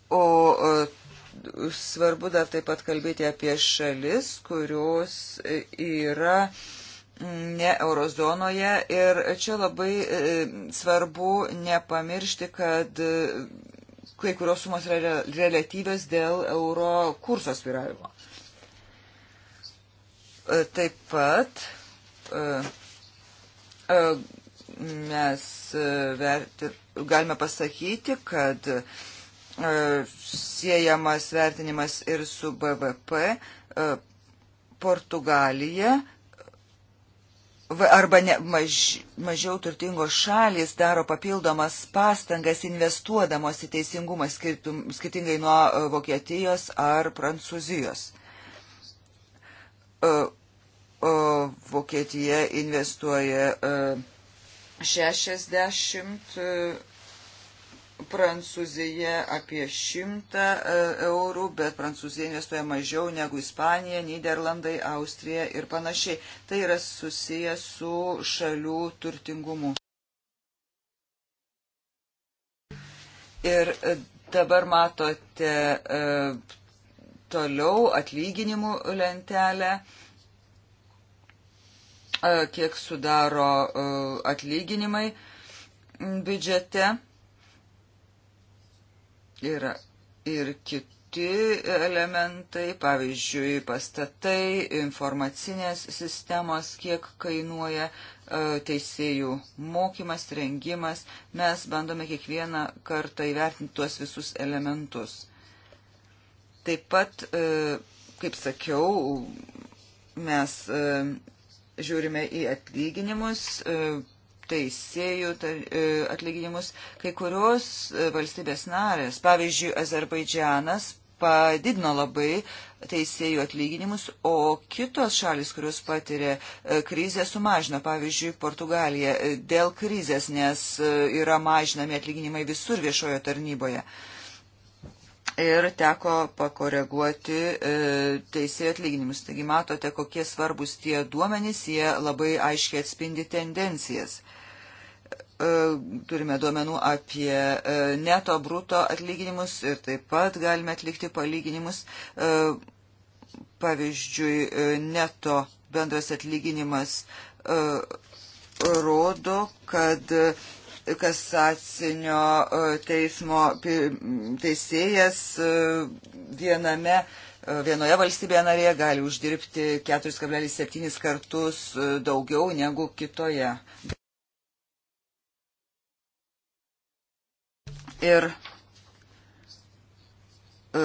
O svarbu dar taip pat kalbėti apie šalis, kurios yra mm, ne eurozonoje ir čia labai svarbu nepamiršti, kad kai kurios sumos yra relatyvės dėl euro kurso sviravimo. E, taip pat e, e, mes verti, galime pasakyti, kad siejamas vertinimas ir su BVP Portugalija arba ne, maž, mažiau turtingos šalis daro papildomas pastangas investuodamos į teisingumą skirtum, skirtingai nuo e, Vokietijos ar Prancūzijos. E, Vokietija investuoja 60 e, Prancūzija apie 100 e, eurų, bet Prancūzija investuoja mažiau negu Ispanija, Niderlandai, Austrija ir panašiai. Tai yra susiję su šalių turtingumu. Ir e, dabar matote e, toliau atlyginimų lentelę kiek sudaro atlyginimai biudžete. Yra ir kiti elementai, pavyzdžiui, pastatai, informacinės sistemos, kiek kainuoja e, teisėjų mokymas, rengimas. Mes bandome kiekvieną kartą įvertinti tuos visus elementus. Taip pat, e, kaip sakiau, mes e, žiūrime į atlyginimus, teisėjų e, atlyginimus. Kai kurios e, valstybės narės, pavyzdžiui, Azerbaidžianas padidino labai teisėjų atlyginimus, o kitos šalis, kurios patiria e, krizę, sumažino, pavyzdžiui, Portugalija, dėl krizės, nes yra mažinami atlyginimai visur viešojo tarnyboje. Ir teko pakoreguoti e, teisėjų atlyginimus. Taigi matote, kokie svarbus tie duomenys, jie labai aiškiai atspindi tendencijas. E, E, turime duomenų apie e, neto bruto atlyginimus ir taip pat galime atlikti palyginimus. E, pavyzdžiui, neto bendras atlyginimas rodo, kad kasacinio teismo teisėjas viename vienoje valstybėje narėje gali uždirbti 4,7 kartus daugiau negu kitoje. Ir e,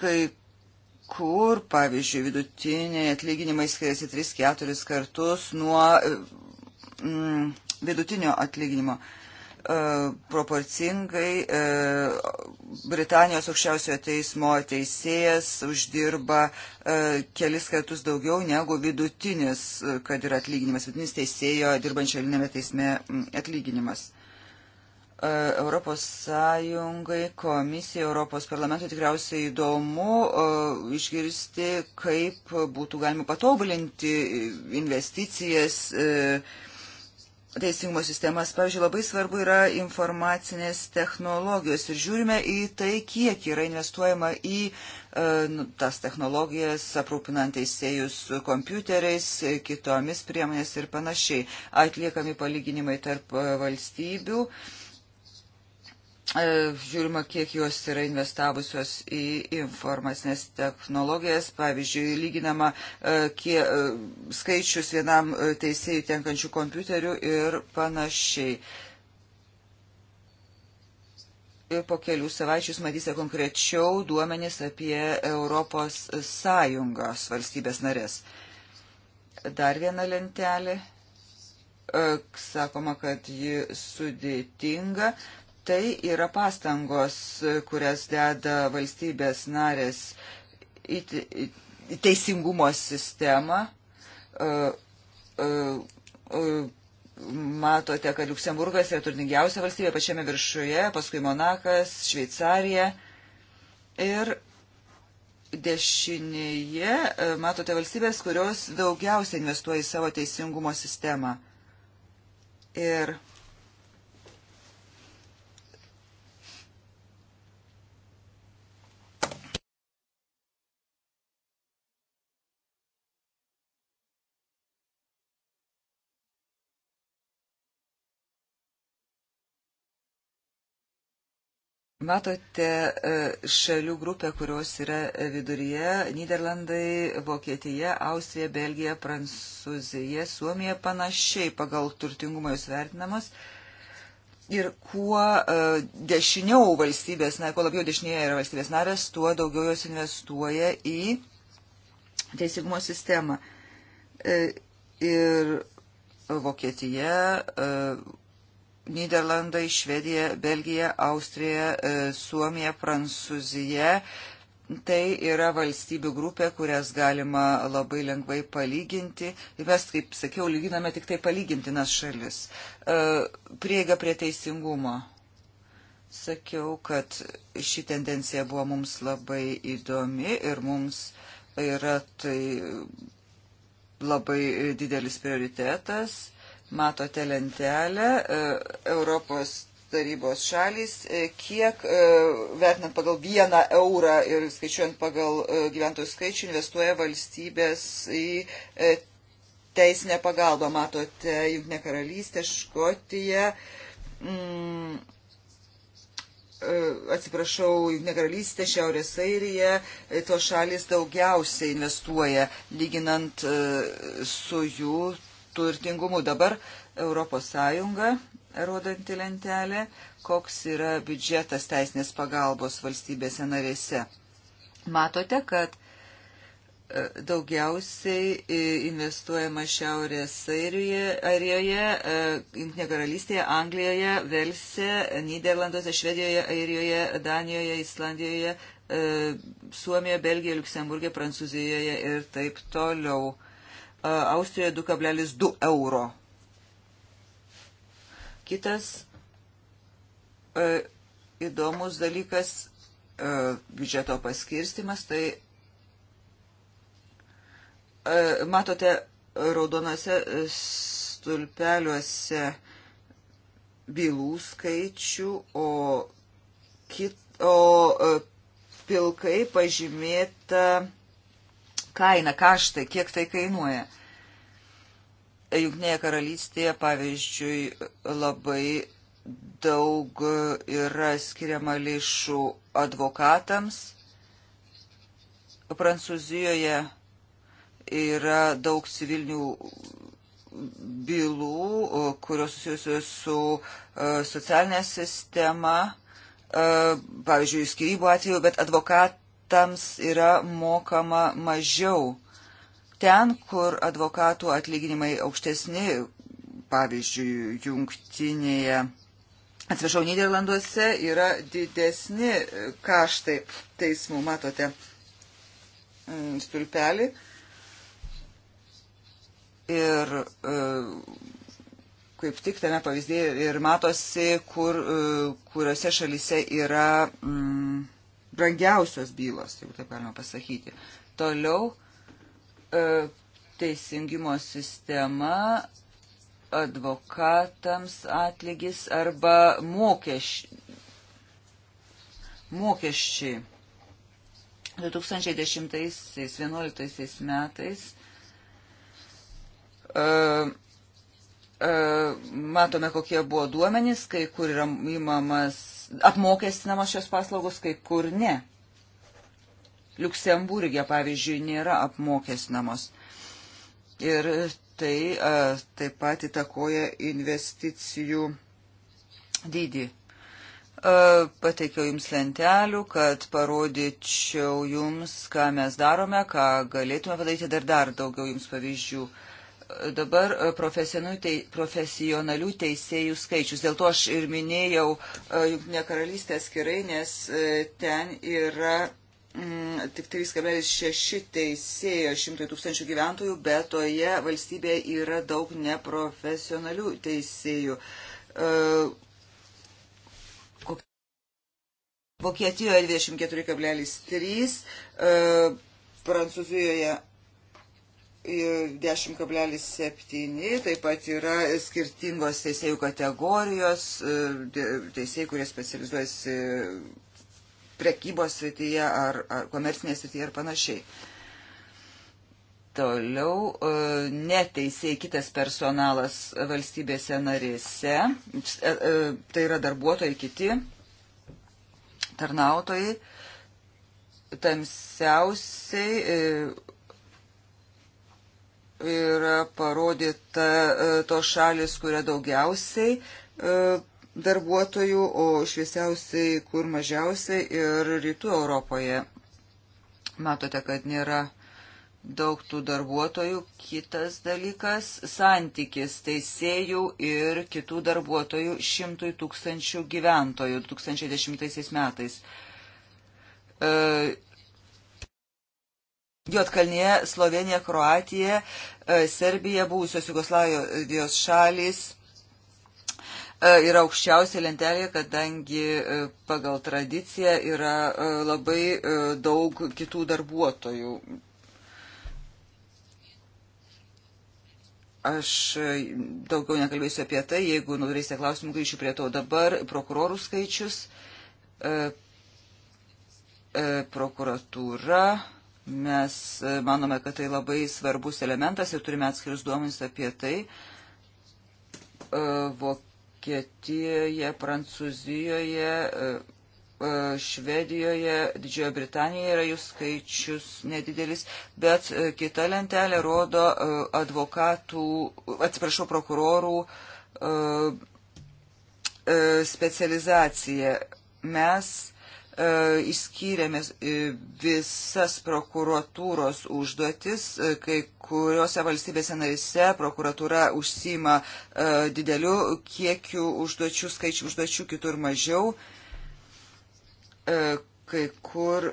kai kur, pavyzdžiui, vidutiniai atlyginimai skiriasi 3-4 kartus nuo e, mm, vidutinio atlyginimo. E, proporcingai e, Britanijos aukščiausiojo teismo teisėjas uždirba e, kelis kartus daugiau negu vidutinis, e, kad yra atlyginimas, vidutinis teisėjo dirbančio elinėme teisme mm, atlyginimas. Europos Sąjungai, komisijai, Europos parlamentui tikriausiai įdomu e, išgirsti, kaip būtų galima patobulinti investicijas, e, teisingumo sistemas. Pavyzdžiui, labai svarbu yra informacinės technologijos ir žiūrime į tai, kiek yra investuojama į e, nu, tas technologijas, aprūpinant teisėjus kompiuteriais, kitomis priemonės ir panašiai. Atliekami palyginimai tarp valstybių E, žiūrima, kiek jos yra investavusios į informacinės technologijas. Pavyzdžiui, lyginama e, kie, e, skaičius vienam teisėjui tenkančių kompiuterių ir panašiai. Ir po kelių savaičių jūs matysite konkrečiau duomenis apie Europos Sąjungos valstybės narės. Dar viena lentelė sakoma, kad ji sudėtinga, tai yra pastangos, kurias deda valstybės narės į, į, į teisingumo sistemą. E, e, e, matote, kad Luksemburgas yra turtingiausia valstybė pačiame viršuje, paskui Monakas, Šveicarija. Ir dešinėje matote valstybės, kurios daugiausiai investuoja į savo teisingumo sistemą. Ir Matote e, šalių grupę, kurios yra e, viduryje - Niderlandai, Vokietija, Austrija, Belgija, Prancūzija, Suomija panašiai pagal turtingumą jūs vertinamos. Ir kuo e, dešiniau valstybės, na, kuo labiau dešinėje yra valstybės narės, tuo daugiau jos investuoja į teisingumo sistemą. Ir Vokietija, Niderlandai, Švedija, Belgija, Austrija, e, Suomija, Prancūzija. Tai yra valstybių grupė, kurias galima labai lengvai palyginti. Ir mes, kaip sakiau, lyginame tik tai palygintinas šalis. E, prieiga prie teisingumo. Sakiau, kad ši tendencija buvo mums labai įdomi ir mums yra tai labai didelis prioritetas Matote lentelę e, Europos tarybos šalys, e, kiek e, vertinant pagal vieną eurą ir skaičiuojant pagal gyventojų skaičių investuoja valstybės į teisinę pagalbą. Matote Junknė karalystė, Škotija. Mm, atsiprašau, Junktinė karalystė, Šiaurės Airija, tos šalis daugiausiai investuoja, lyginant su jų turtingumu. Dabar ES, rodanti lentelė, koks yra biudžetas teisinės pagalbos valstybėse narėse. Matote, kad e, daugiausiai e, investuojama Šiaurės Airijoje, e, Junktinė karalystėje, Anglijoje, Velse, Niderlanduose, Švedijoje, Airijoje, Danijoje, Islandijoje, Suomijoje, Belgijoje, Luksemburgė, Prancūzijoje ir taip toliau. Austrijoje 2,2 euro. Kitas e, įdomus dalykas e, biudžeto paskirstimas, tai e, matote raudonose stulpeliuose bylų skaičių, o, kit, o pilkai pažymėta kaina, kaštai, kiek tai kainuoja. Junknėje karalystėje, pavyzdžiui, labai daug yra skiriama lėšų advokatams. Prancūzijoje yra daug civilinių bylų, kurios susijusios su e, socialinė sistema, e, pavyzdžiui, skirybų atveju, bet advokat, advokatams yra mokama mažiau. Ten, kur advokatų atlyginimai aukštesni, pavyzdžiui, jungtinėje, atsiprašau, Niderlanduose yra didesni kaštai teismų, matote mm, stulpelį. Ir e, kaip tik tame pavyzdėje ir matosi, kur, e, kuriuose šalyse yra. Mm, brangiausios bylos, jeigu taip galima pasakyti. Toliau e, teisingimo sistema advokatams atlygis arba mokeš, mokesčiai. 2010-2011 metais e, e, matome, kokie buvo duomenys, kai kur yra įmamas apmokestinamos šios paslaugos, kai kur ne. Luksemburgė, pavyzdžiui, nėra apmokestinamos. Ir tai a, taip pat įtakoja investicijų dydį. A, pateikiau jums lentelių, kad parodyčiau jums, ką mes darome, ką galėtume padaryti dar dar daugiau jums pavyzdžių. A, dabar e, profesionalių teisėjų skaičius. Dėl to aš ir minėjau e, Junktinę karalystę skirai, nes e, ten yra mm, tik 3,6 teisėjo 100 tūkstančių gyventojų, bet toje valstybėje yra daug neprofesionalių teisėjų. Vokietijoje 24,3, Prancūzijoje 10,7, taip pat yra skirtingos teisėjų kategorijos, e, teisėjai, kurie specializuojasi prekybos srityje ar, ar komercinėje srityje ir panašiai. Toliau e, neteisėjai kitas personalas valstybėse narėse, e, tai yra darbuotojai kiti, tarnautojai, tamsiausiai yra parodyta e, tos šalis, kuria daugiausiai e, darbuotojų, o šviesiausiai kur mažiausiai ir rytų Europoje. Matote, kad nėra daug tų darbuotojų. Kitas dalykas - santykis teisėjų ir kitų darbuotojų šimtui tūkstančių gyventojų 2010 metais. E, Jotkalnyje, Slovenija, Kroatija, e, Serbija, buvusios Jugoslavijos šalis e, yra aukščiausia lentelė, kadangi e, pagal tradiciją yra labai daug kitų darbuotojų. Aš daugiau nekalbėsiu apie tai, jeigu norėsite klausimų, grįšiu prie to dabar. Prokurorų skaičius, prokuratūra Mes e, manome, kad tai labai svarbus elementas ir turime atskirius duomenys apie tai. E, Vokietijoje, Prancūzijoje, e, Švedijoje, Didžiojo Britanijoje yra jų skaičius nedidelis, bet kita lentelė rodo advokatų, atsiprašau, prokurorų specializaciją. Mes Įskyrėme e, visas prokuratūros užduotis, e, kai kuriuose valstybėse narise prokuratūra užsima e, dideliu kiekiu užduočių, skaičių užduočių, kitur mažiau. Kai kur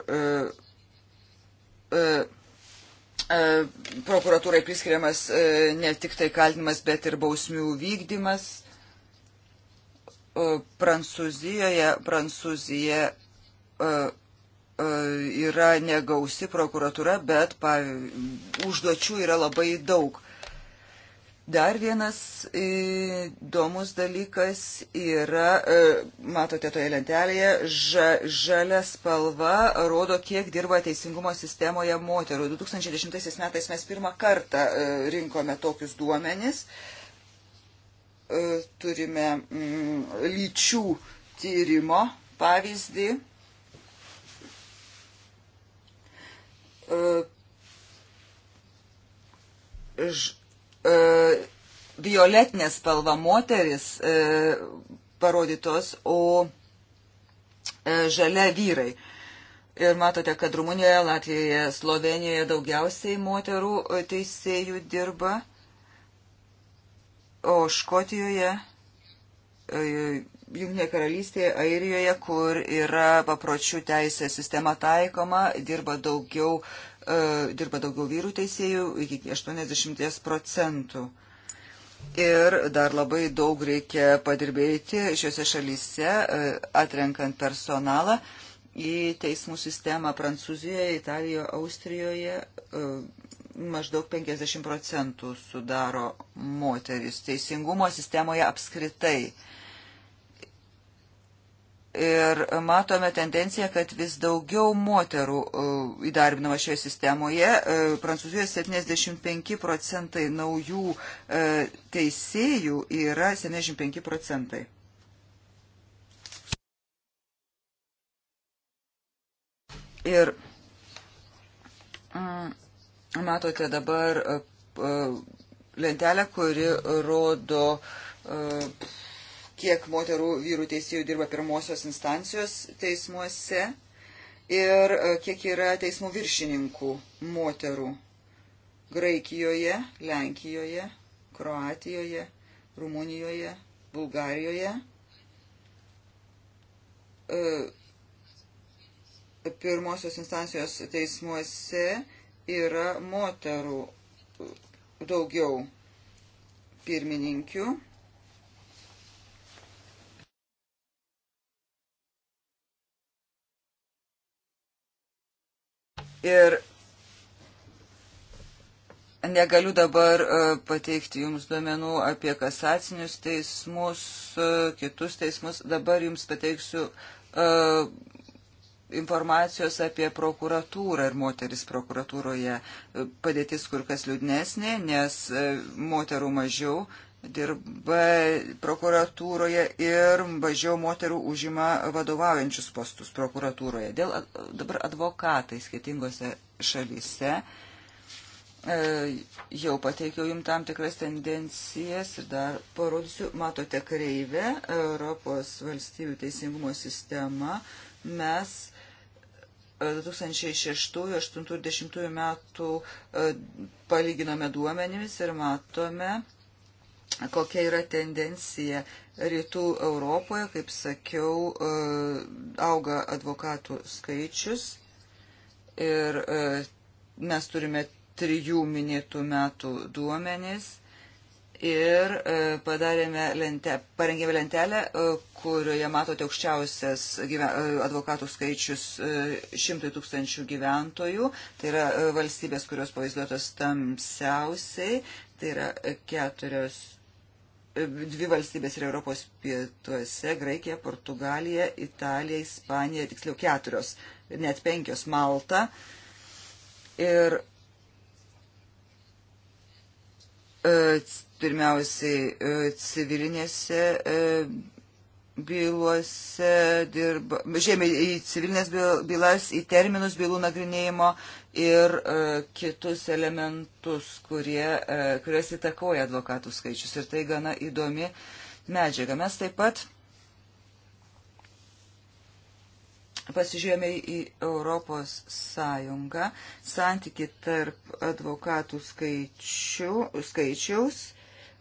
prokuratūrai priskiriamas ne tik tai kaltinimas, bet ir bausmių vykdymas. Prancūzijoje, Prancūzija E, e, yra negausi prokuratūra, bet pa, užduočių yra labai daug. Dar vienas įdomus dalykas yra, e, matote toje lentelėje, ža, žalia spalva rodo, kiek dirba teisingumo sistemoje moterų. 2010 metais mes pirmą kartą rinkome tokius duomenis. Turime mm, lyčių tyrimo pavyzdį E, ž, e, violetinė spalva moteris e, parodytos, o žalia vyrai. Ir matote, kad Rumunijoje, Latvijoje, Slovenijoje daugiausiai moterų teisėjų dirba, o Škotijoje Junktinėje karalystėje, Airijoje, kur yra papročių teisė sistema taikoma, dirba daugiau, uh, dirba daugiau vyrų teisėjų, iki 80 procentų. Ir dar labai daug reikia padirbėti šiuose šalyse, uh, atrenkant personalą į teismų sistemą Prancūzijoje, Italijoje, Austrijoje. Uh, maždaug 50 procentų sudaro moteris teisingumo sistemoje apskritai. Uh, Ir matome tendenciją, kad vis daugiau moterų e, įdarbinama šioje sistemoje. E, Prancūzijoje 75 procentai naujų e, teisėjų yra 75 procentai. Ir mm, matote dabar lentelę, kuri rodo kiek moterų vyrų teisėjų dirba pirmosios instancijos teismuose ir e, kiek yra teismų viršininkų moterų Graikijoje, Lenkijoje, Kroatijoje, Rumunijoje, Bulgarijoje. E, pirmosios instancijos teismuose yra moterų e, daugiau pirmininkių Ir negaliu dabar e, pateikti jums duomenų apie kasacinius teismus, e, kitus teismus. Dabar jums pateiksiu e, informacijos apie prokuratūrą ir moteris prokuratūroje padėtis kur kas liūdnesnė, nes moterų mažiau dirba prokuratūroje ir mažiau moterų užima vadovaujančius postus prokuratūroje. Dėl dabar advokatai skirtingose šalyse e, jau pateikiau jums tam tikras tendencijas ir dar parodysiu, matote kreivę Europos valstybių teisingumo sistema. Mes 2006-2010 e, metų e, palyginome duomenimis ir matome, kokia yra tendencija rytų Europoje, kaip sakiau, e, auga advokatų skaičius ir e, mes turime trijų minėtų metų duomenys ir e, padarėme lente, parengėme lentelę, kurioje matote aukščiausias gyven, advokatų skaičius šimtai tūkstančių gyventojų. Tai yra valstybės, kurios pavaizduotos tamsiausiai. Tai yra keturios dvi valstybės yra Europos pietuose - Graikija, Portugalija, Italija, Ispanija, tiksliau keturios, net penkios - Malta. Ir e, pirmiausiai e, civilinėse e, bylose dirba, žemė į civilinės bylas, į terminus bylų nagrinėjimo ir e, kitus elementus, kurie, e, kurias įtakoja advokatų skaičius. Ir tai gana įdomi medžiaga. Mes taip pat pasižiūrėjome į Europos Sąjungą, santyki tarp advokatų skaičių, skaičiaus,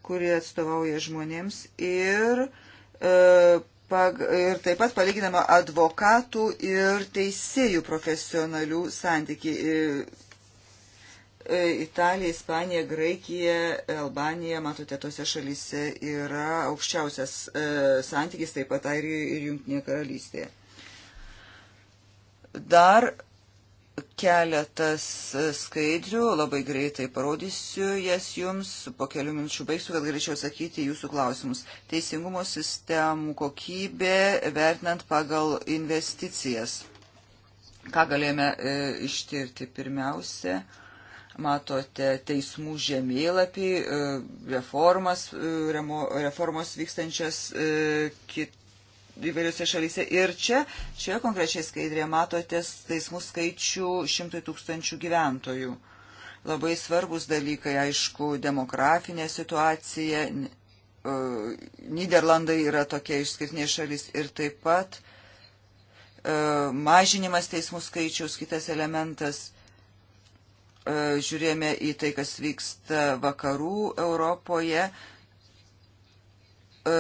kurie atstovauja žmonėms ir e, pag, ir taip pat palyginama advokatų ir teisėjų profesionalių santykiai. E, e, Italija, Ispanija, Graikija, Albanija, matote, tose šalyse yra aukščiausias e, santykis, taip pat Airijoje ir Junktinėje karalystėje. Dar keletas e, skaidrių, labai greitai parodysiu jas jums, po kelių minčių baigsiu, kad galėčiau atsakyti jūsų klausimus. Teisingumo sistemų kokybė vertinant pagal investicijas. Ką galėjome e, ištirti pirmiausia? Matote teismų žemėlapį, e, reformas, e, reformos vykstančias e, kitą įvairiose šalyse. Ir čia, čia konkrečiai skaidrėje matote teismų skaičių šimtai tūkstančių gyventojų. Labai svarbus dalykai, aišku, demografinė situacija. Niderlandai yra tokia išskirtinė šalis ir taip pat mažinimas teismų skaičiaus, kitas elementas žiūrėjome į tai, kas vyksta vakarų Europoje, E,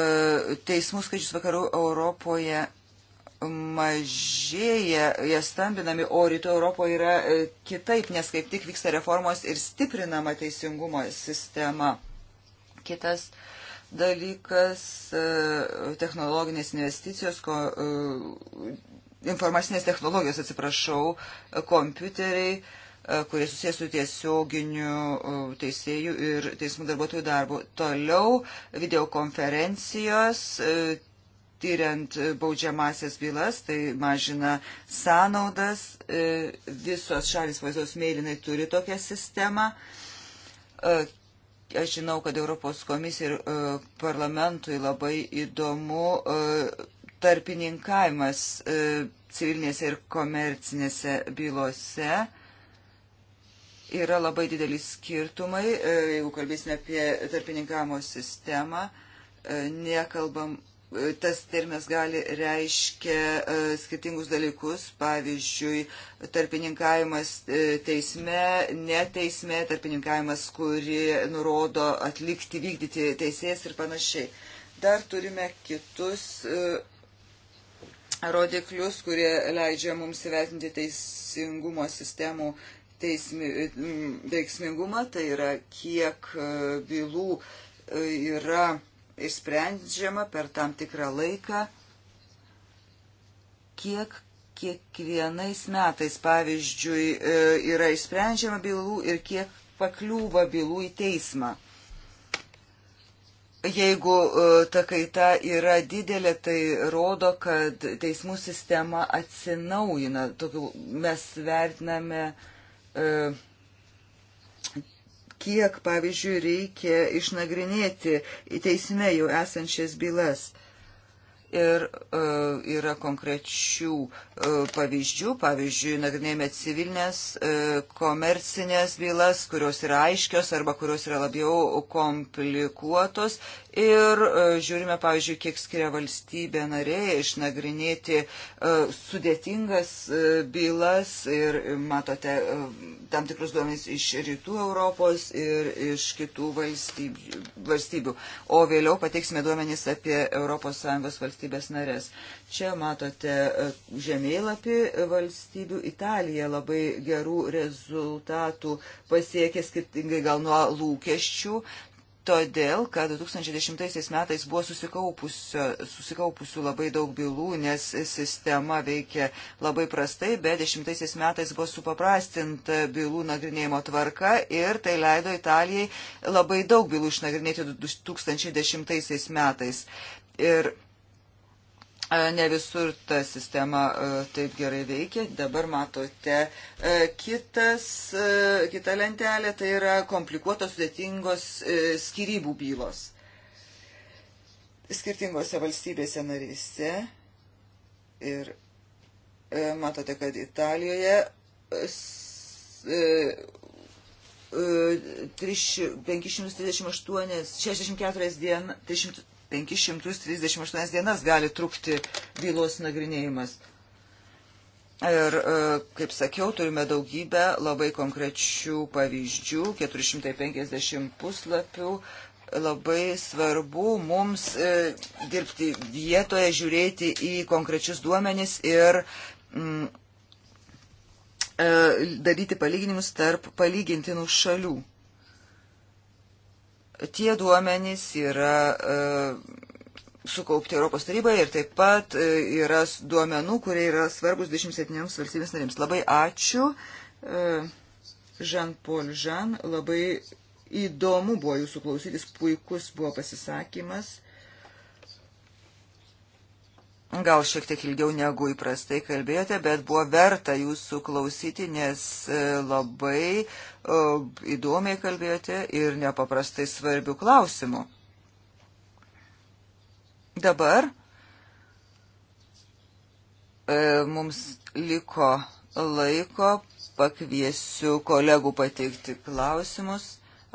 teismų skaičius vakarų Europoje mažėja, jie stambinami, o rytų Europoje yra e, kitaip, nes kaip tik vyksta reformos ir stiprinama teisingumo sistema. Kitas dalykas e, - technologinės investicijos, ko, informacinės technologijos, atsiprašau, kompiuteriai E, kurie susijęs su tiesioginiu e, teisėjų ir teismų darbuotojų darbu. Toliau videokonferencijos e, tyriant baudžiamasias bylas, tai mažina sąnaudas, visos šalis vaizdos mėlynai turi tokią sistemą. Aš žinau, kad Europos komisija ir parlamentui labai įdomu tarpininkavimas civilinėse ir komercinėse bylose yra labai didelis skirtumai, e, jeigu kalbėsime apie tarpininkavimo sistemą, e, nekalbam, e, tas terminas gali reiškia skirtingus dalykus, pavyzdžiui, tarpininkavimas teisme, neteisme, tarpininkavimas, kuri nurodo atlikti, vykdyti teisės ir panašiai. Dar turime kitus rodiklius, kurie leidžia mums įvertinti teisingumo sistemų teismi, mm, veiksmingumą, tai yra kiek e, bylų e, yra išsprendžiama per tam tikrą laiką, kiek kiekvienais metais, pavyzdžiui, e, yra išsprendžiama bylų ir kiek pakliūva bylų į teismą. Jeigu ta kaita yra didelė, tai rodo, kad teismų sistema atsinaujina. Tokiu mes vertiname uh, kiek, pavyzdžiui, reikia išnagrinėti į teisme jau esančias bylas. Ir e, yra konkrečių e, pavyzdžių, pavyzdžiui, nagrinėjame civilinės, e, komercinės bylas, kurios yra aiškios arba kurios yra labiau komplikuotos ir e, žiūrime, pavyzdžiui, kiek skiria valstybė narė išnagrinėti e, sudėtingas e, bylas ir matote tam tikrus duomenys iš rytų Europos ir iš kitų valstybių. O vėliau pateiksime duomenys apie ES valstybės narės. Čia matote žemėlapį valstybių. Italija labai gerų rezultatų pasiekė skirtingai gal nuo lūkesčių todėl, kad 2010 metais buvo susikaupusių labai daug bylų, nes sistema veikia labai prastai, bet 10 metais buvo supaprastinta bylų nagrinėjimo tvarka ir tai leido Italijai labai daug bylų išnagrinėti 2010 metais. Ir E, ne visur ta sistema e, taip gerai veikia. Dabar matote e, kitas, kita lentelė, tai yra komplikuotos sudėtingos skirybų bylos. Skirtingose valstybėse narėse ir matote, kad Italijoje 538, 64 dienas, 300, 538 dienas gali trukti bylos nagrinėjimas. Ir, e, kaip sakiau, turime daugybę labai konkrečių pavyzdžių, 450 puslapių. Labai svarbu mums e, dirbti vietoje, žiūrėti į konkrečius duomenis ir mm, e, daryti palyginimus tarp palygintinų šalių. Tie duomenys yra e, sukaupti Europos taryboje ir taip pat e, yra duomenų, kurie yra svarbus 27 valstybės narėms. Labai ačiū, Žan Pol Žan, labai įdomu buvo jūsų klausytis, puikus buvo pasisakymas. Gal šiek tiek ilgiau negu įprastai kalbėjote, bet buvo verta jūsų klausyti, nes e, labai e, įdomiai kalbėjote ir nepaprastai svarbių klausimų. Dabar e, mums liko laiko, pakviesiu kolegų pateikti klausimus.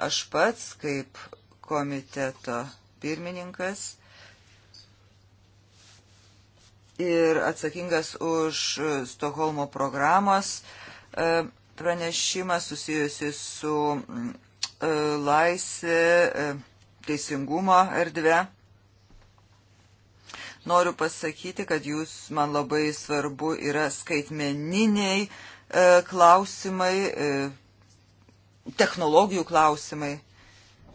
Aš pats kaip komiteto pirmininkas ir atsakingas už Stokholmo programos e, pranešimą susijusi su e, laisvė, e, teisingumo erdvė. Noriu pasakyti, kad jūs man labai svarbu yra skaitmeniniai klausimai, technologijų klausimai.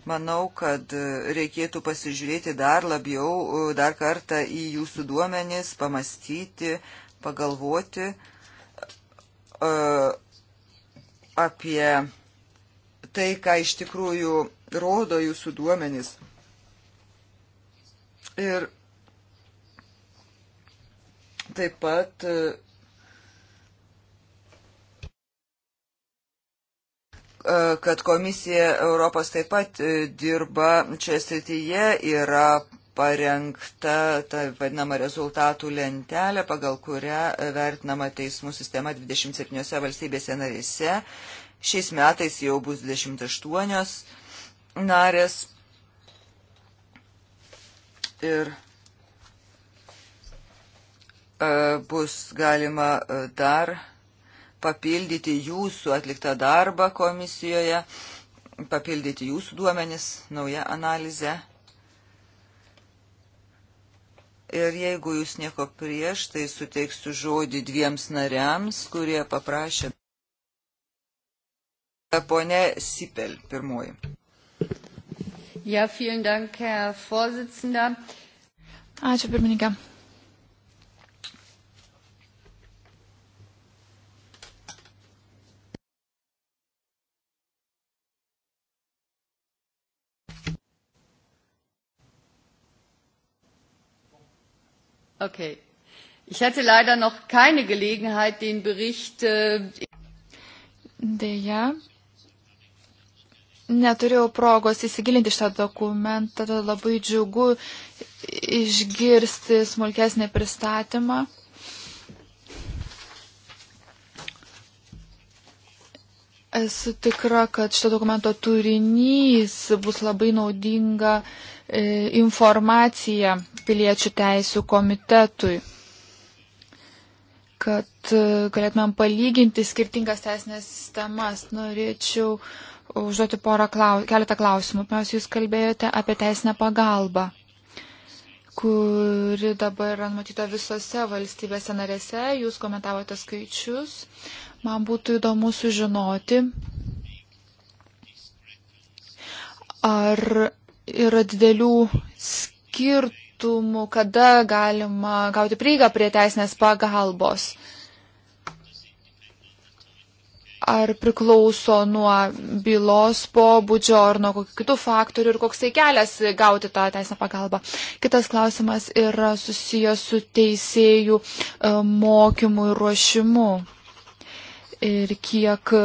Manau, kad reikėtų pasižiūrėti dar labiau, dar kartą į jūsų duomenis, pamastyti, pagalvoti e, apie tai, ką iš tikrųjų rodo jūsų duomenis. Ir taip pat e, kad komisija Europos taip pat e, dirba čia srityje, yra parengta ta vadinama rezultatų lentelė, pagal kurią vertinama teismų sistema 27 valstybėse narėse. Šiais metais jau bus 28 narės. Ir e, bus galima e, dar papildyti jūsų atliktą darbą komisijoje, papildyti jūsų duomenis, naują analizę. Ir jeigu jūs nieko prieš, tai suteiksiu žodį dviems nariams, kurie paprašė. Pone Sipel, pirmoji. Ja, vielen Dank, Herr Vorsitzender. Ačiū, pirmininkė. Okay. Ich hatte leider noch keine Gelegenheit, den Bericht. Äh, Deja, neturėjau progos įsigilinti šitą dokumentą, tad labai džiugu išgirsti smulkesnį pristatymą. Esu tikra, kad šito dokumento turinys bus labai naudinga e, informacija piliečių teisų komitetui, kad e, galėtumėm palyginti skirtingas teisinės sistemas. Norėčiau užduoti klaus, keletą klausimų. Pirmiausia, jūs kalbėjote apie teisinę pagalbą kuri dabar yra numatyta visose valstybėse narėse. Jūs komentavote skaičius. Man būtų įdomu sužinoti, ar yra didelių skirtumų, kada galima gauti prieigą prie teisinės pagalbos. Ar priklauso nuo bylos pobūdžio ar nuo kokių kitų faktorių ir koks tai kelias gauti tą teisinę pagalbą. Kitas klausimas yra susijęs su teisėjų e, mokymu ir ruošimu ir kiek e,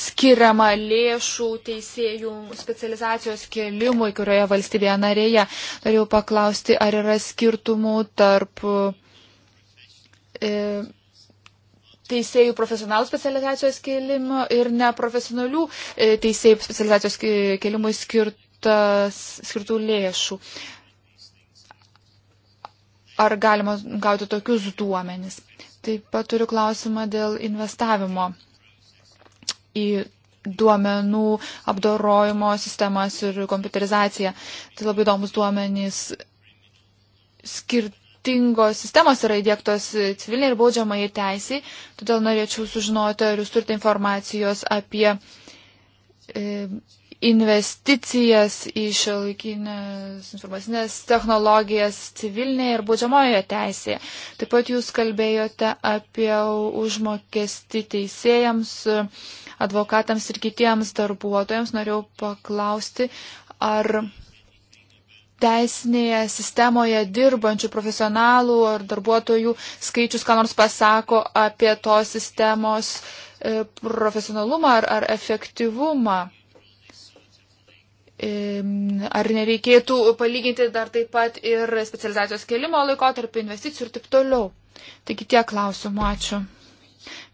skiriama lėšų teisėjų specializacijos kelimui, kurioje valstybėje narėje. Norėjau paklausti, ar yra skirtumų tarp e, teisėjų profesionalų specializacijos kelimo ir neprofesionalių e, teisėjų specializacijos kelimui skirtas, skirtų lėšų. Ar galima gauti tokius duomenis? Taip pat turiu klausimą dėl investavimo į duomenų apdorojimo sistemas ir kompiuterizaciją. Tai labai įdomus duomenys skirtingos sistemos yra įdėktos civiliniai ir baudžiamai teisiai, todėl norėčiau sužinoti, ar jūs turite informacijos apie e, investicijas į šiolaikinės informacinės technologijas civilinėje ir baudžiamojoje teisėje. Taip pat jūs kalbėjote apie užmokesti teisėjams, advokatams ir kitiems darbuotojams. Norėjau paklausti, ar teisinėje sistemoje dirbančių profesionalų ar darbuotojų skaičius, ką nors pasako apie tos sistemos e, profesionalumą ar, ar efektyvumą. Ar nereikėtų palyginti dar taip pat ir specializacijos kelimo laikotarpį, investicijų ir taip toliau. Taigi tie klausimų, ačiū.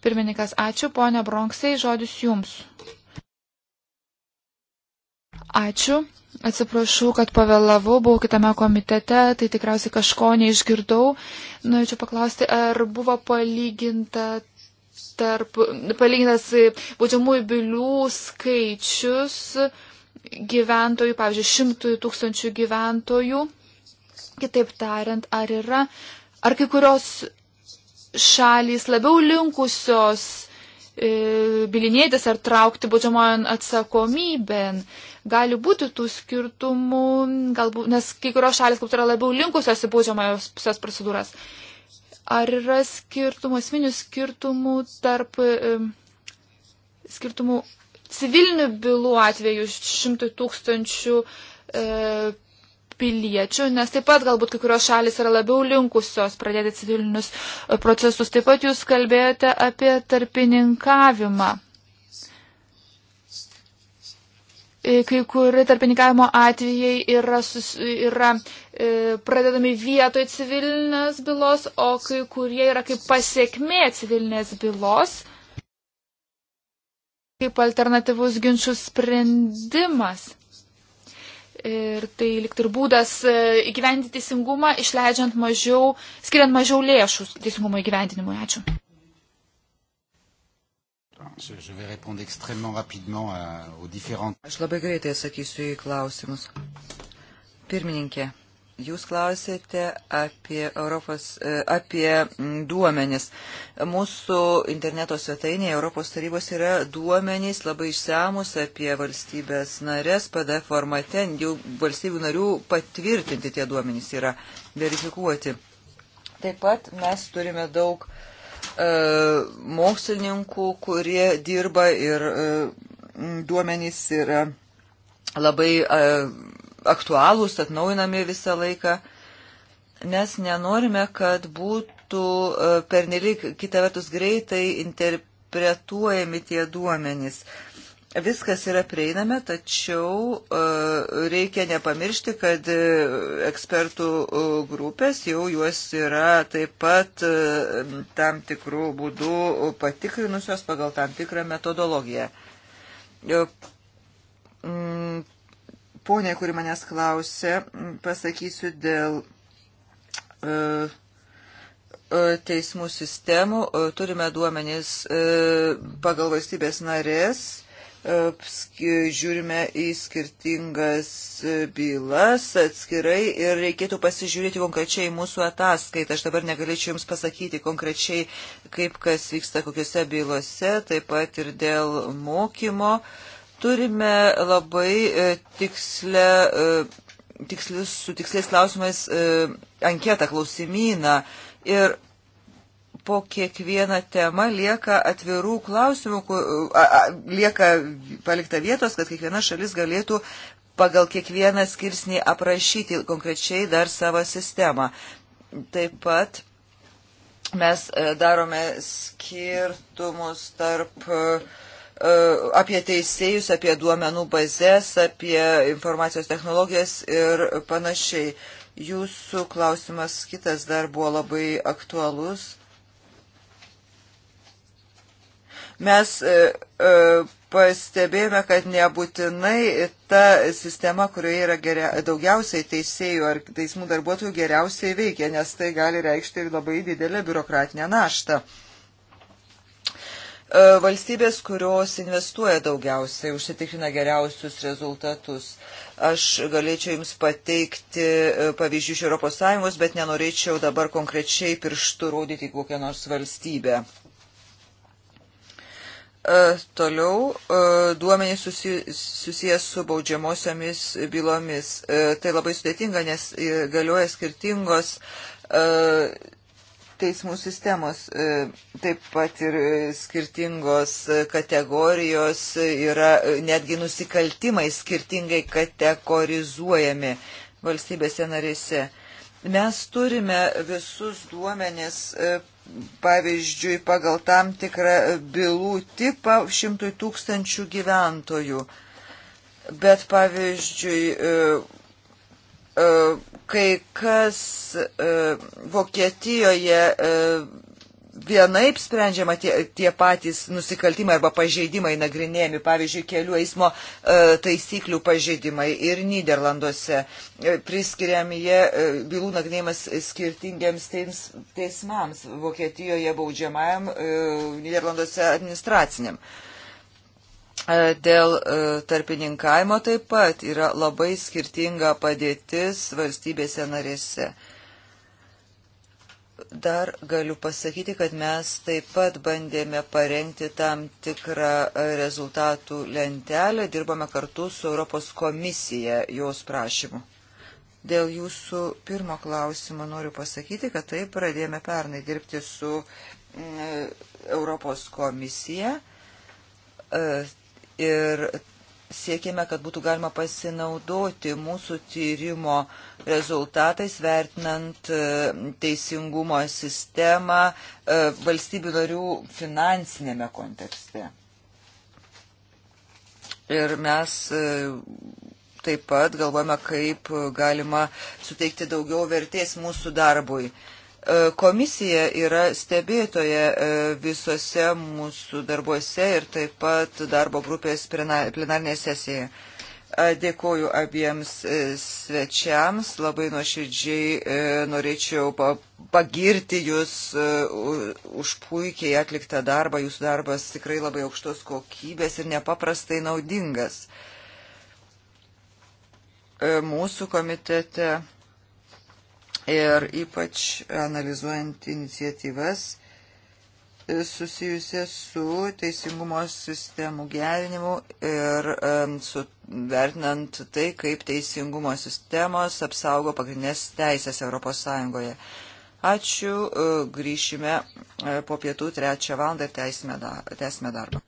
Pirmininkas, ačiū, ponia Bronksai, žodis jums. Ačiū, atsiprašau, kad pavėlavau, buvau kitame komitete, tai tikriausiai kažko neišgirdau. Norėčiau paklausti, ar buvo palyginta tarp, palygintas baudžiamųjų bilių skaičius gyventojų, pavyzdžiui, šimtui tūkstančių gyventojų. Kitaip tariant, ar yra, ar kai kurios šalys labiau linkusios e, bilinėtis ar traukti baudžiamojon atsakomybėn. Gali būti tų skirtumų, galbūt, nes kai kurios šalis kaip yra labiau linkusios į baudžiamojos procedūras. Ar yra skirtumų, esminių skirtumų tarp e, skirtumų civilinių bylų atveju šimtų tūkstančių e, piliečių, nes taip pat galbūt kai kurios šalis yra labiau linkusios pradėti civilinius e, procesus. Taip pat jūs kalbėjote apie tarpininkavimą. E, kai kuri tarpininkavimo atvejai yra, sus, yra e, pradedami vietoj civilinės bylos, o kai kurie yra kaip pasiekmė civilinės bylos. E, kaip alternatyvus ginčių sprendimas. Ir tai likt ir būdas e, įgyventi teisingumą, išleidžiant mažiau, skiriant mažiau lėšų teisingumo įgyventinimui. Ačiū. Euh, Aš labai greitai atsakysiu į klausimus. Pirmininkė, Jūs klausėte apie, Europos, e, apie duomenis. Mūsų interneto svetainėje Europos tarybos yra duomenys labai išsamus apie valstybės narės PDF formate. Jau valstybių narių patvirtinti tie duomenys yra verifikuoti. Taip pat mes turime daug e, mokslininkų, kurie dirba ir e, duomenys yra labai e, aktualūs, atnaujinami visą laiką. Mes nenorime, kad būtų e, pernelyg kita vertus greitai interpretuojami tie duomenys. Viskas yra prieiname, tačiau e, reikia nepamiršti, kad e, ekspertų grupės jau juos yra taip pat tam tikrų būdų patikrinusios pagal tam tikrą metodologiją ponė, kuri manęs klausė, pasakysiu dėl e, e, teismų sistemų. E, turime duomenys pagal valstybės narės, žiūrime į skirtingas bylas atskirai ir reikėtų pasižiūrėti konkrečiai mūsų ataskaitą. Aš dabar negalėčiau Jums pasakyti konkrečiai, kaip kas vyksta kokiuose bylose, taip pat ir dėl mokymo. Uh, Turime labai e, tikslę, e, tikslis, su tiksliais klausimais e, anketą klausimyną ir po kiekvieną temą lieka atvirų klausimų, kur, a, a, lieka palikta vietos, kad kiekviena šalis galėtų pagal kiekvieną skirsnį aprašyti konkrečiai dar savo sistemą. Taip pat mes darome skirtumus tarp uh, E, apie teisėjus, apie duomenų bazės, apie informacijos technologijas ir panašiai. Jūsų klausimas kitas dar buvo labai aktualus. Mes e, e, pastebėjome, kad nebūtinai ta sistema, kurioje yra geria, daugiausiai teisėjų ar teismų darbuotojų geriausiai veikia, nes tai gali reikšti ir labai didelę biurokratinę naštą. E, valstybės, kurios investuoja daugiausiai, užsitikrina geriausius rezultatus. Aš galėčiau Jums pateikti e, pavyzdžių iš ES, bet nenorėčiau dabar konkrečiai pirštų rodyti kokią nors valstybę. E, toliau duomenys susijęs su baudžiamosiomis bylomis. Tai labai sudėtinga, nes galioja skirtingos teismų sistemos. E, taip pat ir e, skirtingos e, kategorijos yra netgi nusikaltimai skirtingai kategorizuojami valstybėse narėse. Mes turime visus duomenis, pavyzdžiui, pagal tam tikrą bylų tipą šimtui tūkstančių gyventojų. Bet, pavyzdžiui, kai kas e, Vokietijoje e, vienaip sprendžiama tie, tie patys nusikaltimai arba pažeidimai nagrinėjami, pavyzdžiui, kelių eismo e, taisyklių pažeidimai ir Niderlanduose e, priskiriami jie e, bylų nagrinėjimas skirtingiams teis, teismams, Vokietijoje baudžiamajam, e, Niderlanduose administraciniam. E, Dėl e, tarpininkavimo taip pat yra labai skirtinga padėtis valstybėse narėse. Dar galiu pasakyti, kad mes taip pat bandėme parengti tam tikrą e, rezultatų lentelę, dirbame kartu su Europos komisija jos prašymu. Dėl jūsų pirmo klausimo noriu pasakyti, kad taip pradėjome pernai dirbti su mm, Europos komisija e, ir siekėme, kad būtų galima pasinaudoti mūsų tyrimo rezultatais, vertinant e, teisingumo sistemą e, valstybių narių finansinėme kontekste. Ir mes e, taip pat galvojame, kaip galima suteikti daugiau vertės mūsų darbui. E, komisija yra stebėtoja e, visose mūsų darbuose ir taip pat darbo grupės plenarnėje sesijoje. Dėkoju abiems e, svečiams, labai nuoširdžiai norėčiau pagirti jūs už puikiai atliktą darbą, jūsų darbas tikrai labai aukštos kokybės ir nepaprastai naudingas. Mūsų komitete ir ypač analizuojant iniciatyvas e, susijusias su teisingumo sistemų gerinimu ir su vertinant tai, kaip teisingumo sistemos apsaugo pagrindinės teisės Europos Sąjungoje. Ačiū, e, grįšime e, po pietų trečią valandą ir tęsime darbą.